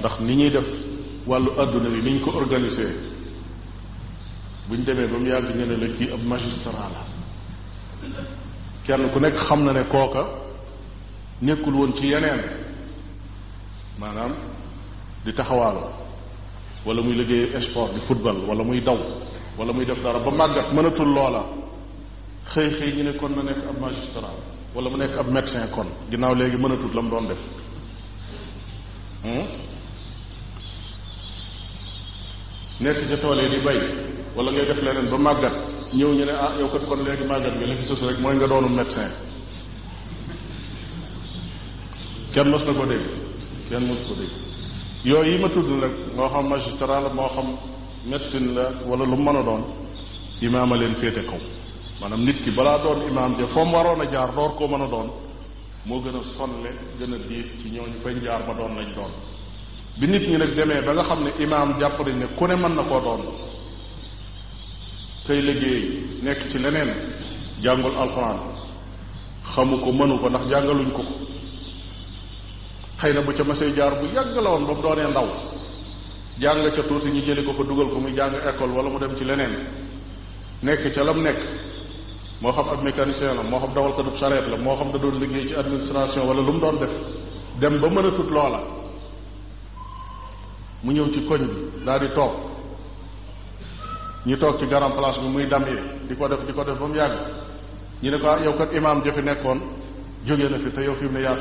ndax ni ñuy def wàllu àdduna bi ni ñu ko organisé bu ñu demee ba mu yàgg ñu ne la kii ab magistrat la kenn ku nekk xam na ne kooka nekkul woon ci yeneen maanaam di taxawaalu wala muy liggéey sport di football wala muy daw wala muy def dara ba màggat mënatul loola xëy xëy ñu ne kon na nekk ab magistrat wala mu nekk ab médecin kon ginnaaw léegi mënatul la mu doon def. Hmm? nekk ca tool di bay wala ngay def leneen ba màggat ñëw ñu ne ah yow kat kon léegi màggat bi léegi sos rek mooy nga doonu médecin kenn mos na ko dégg kenn mos ko dégg yooyu yi ma tudd nag moo xam magistrat moo xam médecine la wala lu mën a doon imaam a leen féete kaw maanaam nit ki balaa doon imaam ja foo mu waroon a jaar door koo mën a doon moo gën a sonle gën a diis ci ñooñu fañ jaar ba doon lañ doon bi nit ñi nag demee ba nga xam ne imaam jàpp nañ ne ku ne mën na koo doon kay liggéey nekk ci leneen jàngul alxuraan xamu ko mënu ko ndax jàngaluñ ko xëy na bu ca masee jaar bu yàgg la woon ba mu doonee ndaw jàng ca tuuti ñu jëli ko ko dugal ko muy jàng école wala mu dem ci leneen nekk ca la mu nekk moo xam ab mécanicien la moo xam dawal ko dub charrette la moo xam da doon liggéey ci administration wala lu mu doon def dem ba mënatut loola mu ñëw ci koñ bi daal di toog ñu toog ci garam place bi muy dam di ko def di ko def ba mu yàgg ñu ne ko ah, yow kat imaam ja fi nekkoon jóge na fi te yow fi mu ne yaa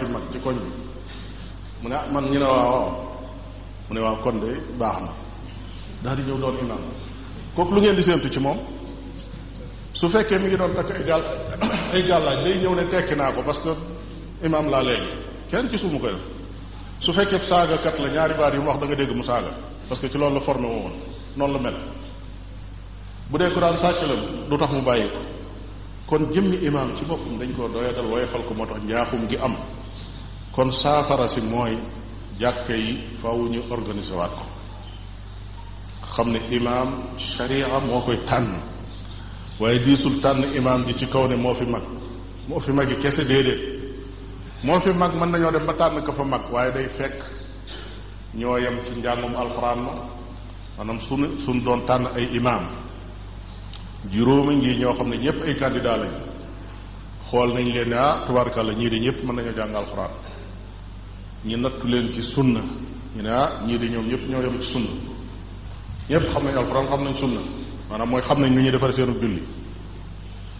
ne ah man ñu ne waaw waaw mu ne waaw kon de baax na daal di ñëw doon imaam kooku lu ngeen di séentu ci moom su fekkee mi ngi doon takk ay gàll ay gàllaaj day ñëw ne tekki naa ko parce que imaam laa léegi kenn gisul mu def su fekkee saagakat la ñaari baat yu mu wax da nga dégg mu saaga parce que ci loolu la formé woon noonu la mel bu dee ku daan sàcc la du tax mu bàyyi ko kon jëmmi imaam ci boppam dañ koo doyadal woyofal ko moo tax njaaxum gi am kon saafara si mooy jàkka yi faaw ñu organiser waat ko xam ne imaam sharia moo koy tànn waaye diisul tànn imaam ji ci kaw ne moo fi mag moo fi magi kese déedéet moo fi mag mën nañoo dem ba tànn ko fa mag waaye day fekk ñoo yem ci njàngum alxuraan ma maanaam sunu suñ doon tànn ay imaam juróomi ngi ñoo xam ne ñëpp ay candidat lañ xool nañu leen ne ah tubaarkàlla ñii di ñëpp mën nañoo jàng alxuraan ñu nattu leen ci sunna ñu ne ah ñii di ñoom ñëpp ñoo yem ci sunna ñëpp xam nañ alxuraan xam nañ sunna maanaam mooy xam nañ nu ñuy defar seenu julli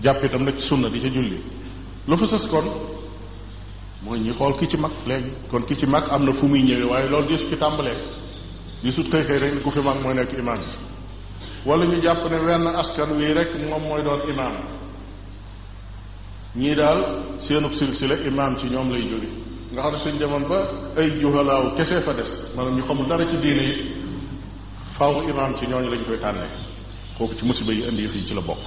jàpp itam nag sunna di ca julli lu fa sës kon mooy ñi xool ki ci mag léegi kon ki ci mag am na fu muy ñëwee waaye loolu disu ci tàmbalee di sut xëy rek ku fi mag mooy nekk imaam bi wala ñu jàpp ne wenn askan wii rek moom mooy doon imaam ñii daal seenub silsila imaam ci ñoom lay nga xam ne suñ demoon ba ay juhalaaw kese fa des maanaam ñu xamul dara ci diine yi faaw imaam ci ñooñu lañ koy tànnee kooku ci musiba yi indi fii ci la bokk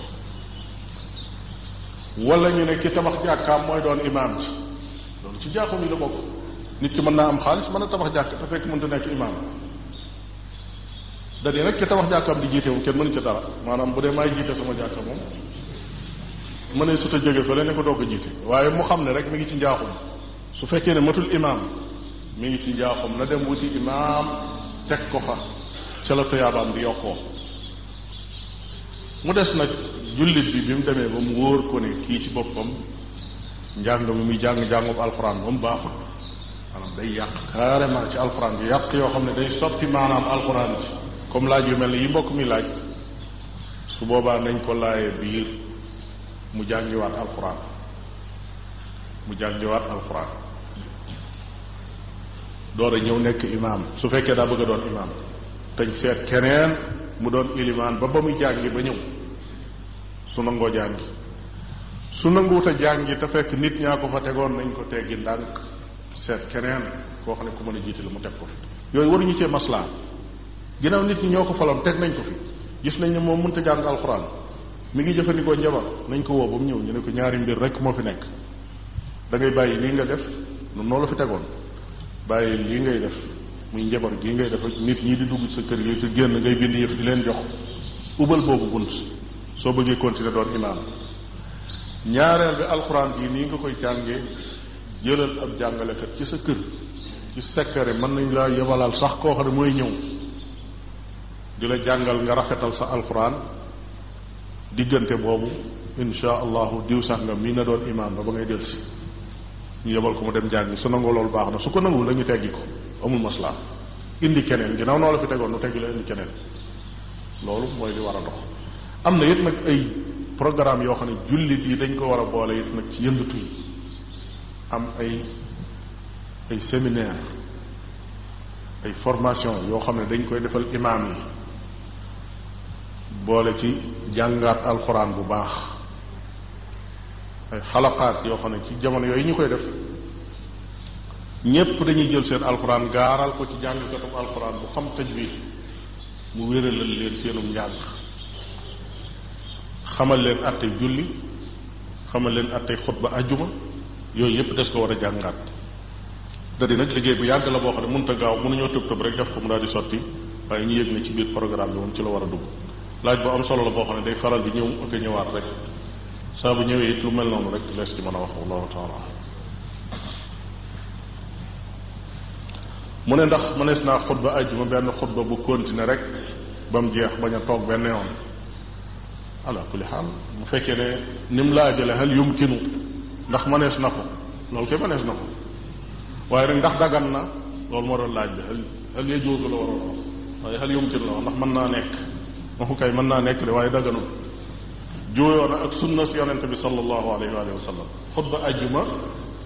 wala ñu ne ki tabax jàkkaam mooy doon imaam ci ci jaaxum yi la bokk nit ki mën naa am xaalis mën na tabax jàkk te fekk mënta nekk imaam da dee nag ki tabax jàkkaam di jiite moom kenn mënu ca dara maanaam bu dee maay jiite sama jàkka moom mën ne suta jóge fële ne ko doog jiite waaye mu xam ne rek mi ngi ci njaaxum su fekkee ne matul imaam mu ngi ci njaaxum na dem wuti imaam teg ko fa ca la tuyaabaam di yokkoo mu des nag jullit bi bi mu demee ba mu wóor ko ne kii ci boppam njàng mu muy jàng jàngub alxuraan moom baaxul maanaam day yàq carrément ci alxuraan bi yàq yoo xam ne day soppi maanaam alxuraan ci comme laaj yu mel ni yi mbokk mi laaj su boobaa nañ ko laaye biir mu jàngiwaat alxuraan mu jàngiwaat alxuraan door a ñëw nekk imaam su fekkee daa bëgg doon imaam tañ seet keneen mu doon ilimaan ba ba muy jàngi ba ñëw su nangoo jàngi su nanguwut a jàngi te fekk nit ñaa ko fa tegoon nañ ko teggi ndànk seet keneen koo xam ne ku mën a jiite la mu teg ko fi yooyu waruñu cee maslaa ginnaaw nit ñi ñoo ko faloon teg nañ ko fi gis nañ ne moom mënta jàng alxuraan mi ngi jëfandikoo njabar nañ ko woo ba mu ñëw ñu ne ko ñaari mbir rek moo fi nekk da bàyyi lii nga def noonu noo la fi tegoon bàyyi lii ngay def muy njabar gii ngay def ak nit ñi di dugg sa kër gi te génn ngay bind yëf di leen jox ubal boobu bunt soo bëggee continuer doon imaam ñaareel bi alxuraan bii nii nga koy jànge jëlal ab jàngalekat ci sa kër ci sekkare mën nañ laa yebalal sax koo xam ne mooy ñëw di la jàngal nga rafetal sa alxuraan diggante boobu insha allahu diw sàngam mii na doon imaam ba ba ngay si ñu yebal ko mu dem jàngi su nangoo loolu baax na su ko nanguwul dañu teggi ko amul maslaa indi keneen ginnaaw noo la fi tegoon nu teggi la indi keneen loolu mooy li war a dox am na it nag ay programme yoo xam ne jullit yi dañ ko war a boole it nag ci yëngatu yi am ay ay séminaire ay formation yoo xam ne dañ koy defal imaam yi boole ci jàngaat alxuraan bu baax ay xalaqaat yoo xam ne ci jamono yooyu ñu koy def ñépp dañuy jël seen alxuraan gaaral ko ci jàngkatu alxuraan bu xam tajwid mu wéralal leen seenum njàng xamal leen attey julli xamal leen attey xutba ajjuma yooyu yépp des ko war a jàngaat da di nag liggéey bu yàgg la boo xam ne mënut a gaaw mënuñoo tëb tëb rek def ko mu daal di sotti waaye ñu yëg ne ci biir programme bi moom la war a dugg laaj bu am solo la boo xam ne day faral di ñëw ak ñëwaat rek saa bu ñëwee lu mel noonu rek lees ci mën a wax wallahu taala mu ne ndax mënees naa xutba ajjuma benn xutba bu continuer rek ba mu jeex bañ a toog benn yoon ala kulli xaal bu fekkee ne ni mu laajale hal yumkinu ndax mënees na ko loolu kay mënees na ko waaye rek ndax dagan na loolu moo doon laaj bi hal hal yajuuzu la waroon wax waaye hal la wax ndax mën naa nekk waxu kay mën naa nekk de waaye daganul juuyoo na ak sunna si yonente bi sallallahu alayhi wa sallam xutba ajjuma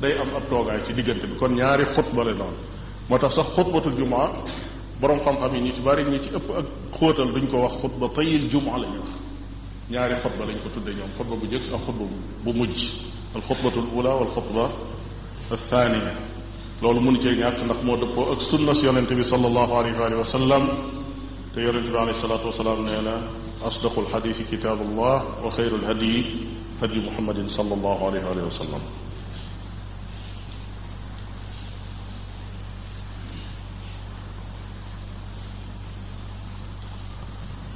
day am ab toogaay ci diggante bi kon ñaari xutba la noonu moo tax sax xutbatul jumaa borom xam-xam yi ñu ci bari ñu ci ëpp ak xóotal duñ ko wax xutba tayil jumaa la ñuy wax ñaari xutba lañ ko tuddee ñoom xutba bu njëkk ak xutba bu mujj al xutbatul ula wal xutba athaniya loolu mënu cee ñàkk ndax moo dëppoo ak sunna si yonente bi sallallahu alayhi wa sallam te yonente bi alayhi salaatu wasalaam nee na asdaqul xadiisi kitaabu allah wa xayrul hadyi hadyi muhammadin sallallahu alayhi wa sallam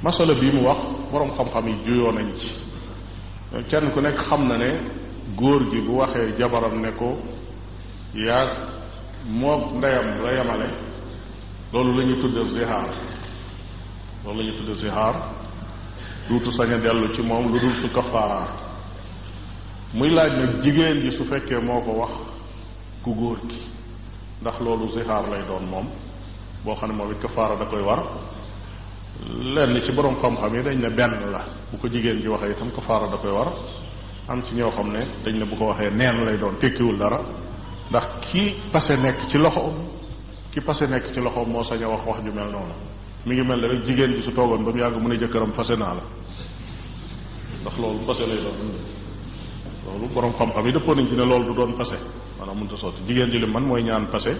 masala bii mu wax boroom xam-xam yi juyoo nañ ci kenn ku nekk xam na ne góor gi bu waxee jabaram ne ko yaa moog ndeyam la yemale loolu la ñu tuddee zihaar loolu la ñu zihaar duutu sañ dellu ci moom lu dul su kafaara muy laaj nag jigéen ji su fekkee moo ko wax ku góor gi ndax loolu zihaar lay doon moom boo xam ne moom it kafaara da koy war lenn ci borom xam-xam yi dañ ne benn la bu ko jigéen ji waxee itam kafaara da koy war am ci ñoo xam ne dañ ne bu ko waxee neen lay doon tekkiwul dara ndax ki pase nekk ci loxoom ki pase nekk ci loxoom moo sañ a wax wax ju mel noonu mi ngi mel ne rek jigéen ji su toogoon ba mu yàgg mu ne jëkkëram fase naa la ndax loolu pase lay doon loolu borom xam-xam yi dëppoo nañ ci ne loolu du doon pase a mun a sotti jigéen ji li man mooy ñaan pase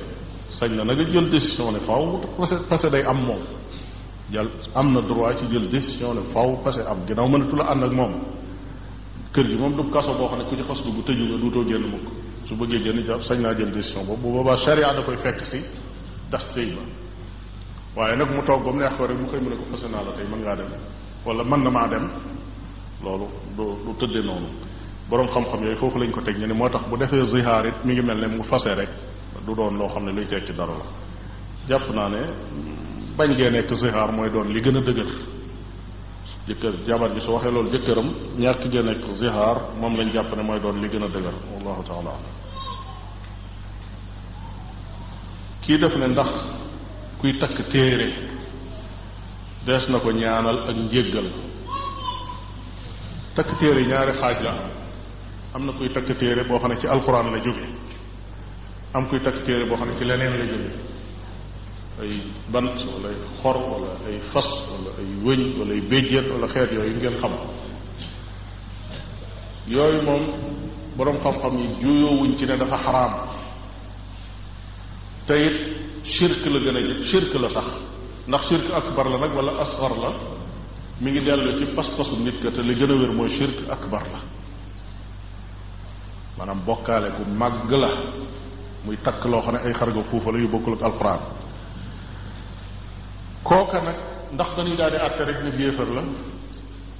sañ na nag jël décision ne faaw pase pase day am moom jàll am na droit ci jël décision ne faw parce que am ginnaaw mënatu la ànd ak moom kër gi moom du kaso boo xam ne ku ci xas bu dugg tëju nga duutoo génn mukk su bëggee génn ja sañ naa jël décision boobu bu boobaa charia a koy fekk si tas sëy ba waaye nag mu toog ba mu neex ko rek mu koy mu ne ko fase naa la tey mën ngaa dem wala mën na maa dem loolu du du tëddee noonu boroom xam-xam yooyu foofu lañ ko teg ñu ne moo tax bu defee zihaar it mu ngi mel ne mu fase rek du doon loo xam ne luy tekki dara la jàpp naa ne bañ ngee nekk zihar mooy doon li gën a dëgër jëkkër jabar ji su waxee loolu jëkkëram ñàkk gee nekk zihar moom lañ jàpp ne mooy doon li gën a dëgër wallahu taala kii def ne ndax kuy takk téere dees na ko ñaanal ak njéggal takk téere ñaari xaaj la am na kuy takk téere boo xam ne ci alxuraan la jóge am kuy takk téere boo xam ne ci leneen la jóge ay bant wala ay xor wala ay fas wala ay wëñ wala ay béjjéet wala xeet yooyu ngeen xam yooyu moom boroom xam-xam yi juyoowuñ ci ne dafa xaraam te it shirk la gën a ndax shirk akbar nag wala asgar la ngi dellu ci pas-pasu nit wér mooy shirk akbar la maanaam bokkaale gu màgg la muy takk loo xam ne ay xarga fuufa la yu bokkul ak alxuraan kooka nag ndax dañuy daal di àtte rek ne yéefar la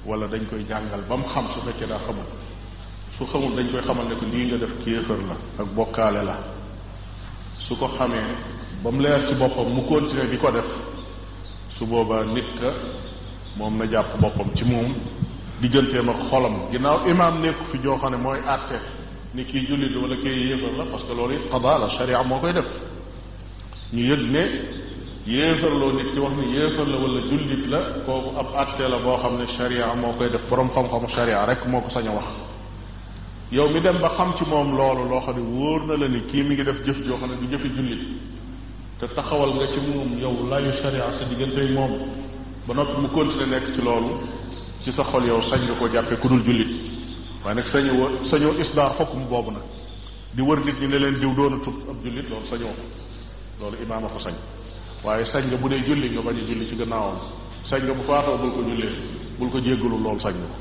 wala dañ koy jàngal ba mu xam su fekkee daa xamul su xamul dañ koy xamal ne ko lii nga def kéefar la ak bokkaale la su ko xamee ba mu leer ci boppam mu continuer di ko def su boobaa nit ka moom na jàpp boppam ci moom digganteem ak xolam ginnaaw imaam nekku fi joo ne mooy àtte ni kii jullit wala kii yéefar la parce que loolu it qadaa la sharia moo koy def ñu yëg ne yéefarloo nit ki wax ni yéefar la wala jullit la kooku ab àtte la boo xam ne sharia moo koy def borom xam-xamu sharia rek moo ko sañ a wax yow mi dem ba xam ci moom loolu loo xam ne wóor na la ni kii mi ngi def jëf joo xam du jëfi jullit te taxawal nga ci moom yow layu sharia sa diggante moom ba noppi mu continuer nekk ci loolu ci sa xol yow sañ nga ko jàppee ku dul jullit waaye nag sañoo sañoo isdaar xokkum nag di wër nit ñi leen diw doon a tub ab jullit loolu sañoo loolu imaama ko sañ waaye sañ nga bu dee julli nga bañ a julli ci gannaawam sañ nga bu faatoo bul ko jullee bul ko jéggalu lool sañ nga ko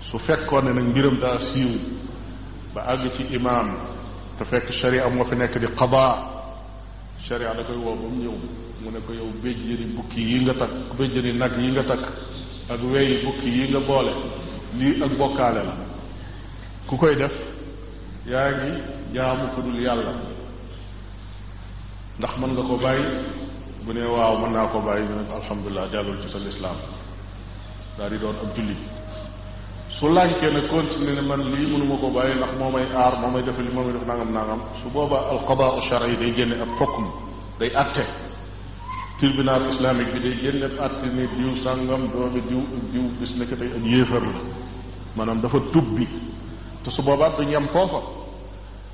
su fekkoon ne nag mbiram daa siiw ba àgg ci imaam te fekk sharia moo fi nekk di qadaa sharia da koy woo ba ñëw mu ne ko yow béjjëni bukki yi nga takk béjjëni nag yi nga takk ak weyi bukki yi nga boole lii ak bokkaale la ku koy def yaa ngi jaamu ku dul yàlla ndax mën nga ko bàyyi bu ne waaw mën naa ko bàyyi ñu ne alhamdulilah dellul ci sa lislaam daal di doon ab jullit su laajtee ne continué ne man lii mënuma ko bàyyi ndax moo may aar moo may def li moo may def nangam nangam su boobaa alqadaa shari day génne ab xukm day atte tribunal islamique bi day génne ab atte ne diw sàngam doomi diw diw bis nekk tey ak yéefar la maanaam dafa tubbi te su boobaa du ñem foofa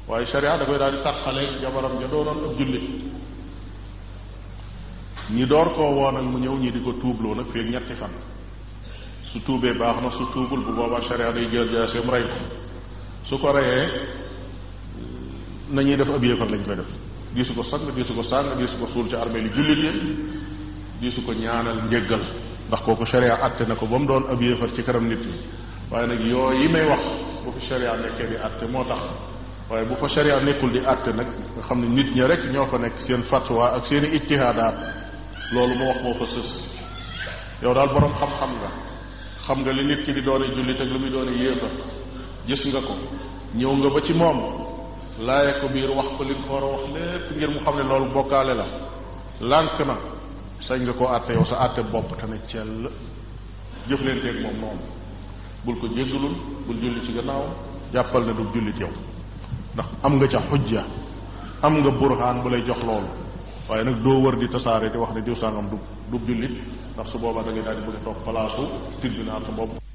waaye sharia da koy daal di tàqaleeg jabaram ja doonoon ab jullit ñi door koo woo nag mu ñëw ñi di ko tuubloo nag fii ñetti fan su tuubee baax na su tuubul bu boobaa sharia day jël jaaseem rey ko ko nañuy def ab yéefar koy def diisu ko sang diisu ko sàng ko suul ci armée li jullit yi diisu ko ñaanal njëggal ndax kooku sharia àtte na ko ba mu doon ab yéefar ci karam nit ñi waaye nag yooyu yi may wax bu fi sharia nekkee di àtte moo tax waaye bu fa sharia nekkul di àtte nag nga xam ne nit ñi rek ñoo ko nekk seen fatwa ak seen i ijtihaadaat loolu mu wax moo fa sës yow daal boroom xam-xam nga xam nga li nit ki di doone jullit ak li nga ko nga ba ci moom laaye ko biir wax ko mu xam ne loolu bokkaale la lànk na sañ nga koo àtte yow sa àtte bopp te ne cell jëflanteeg moom noonu bul ko jéggalul bul julli ci gannaaw jàppal ne du jullit yow ndax am nga ca xujja am nga burhaan bu lay jox loolu waaye nag doo wër di tasaare di wax ne diw sàngam du du jullit ndax su boobaa da ngay daal di bëgg a toog palaasu tribunal boobu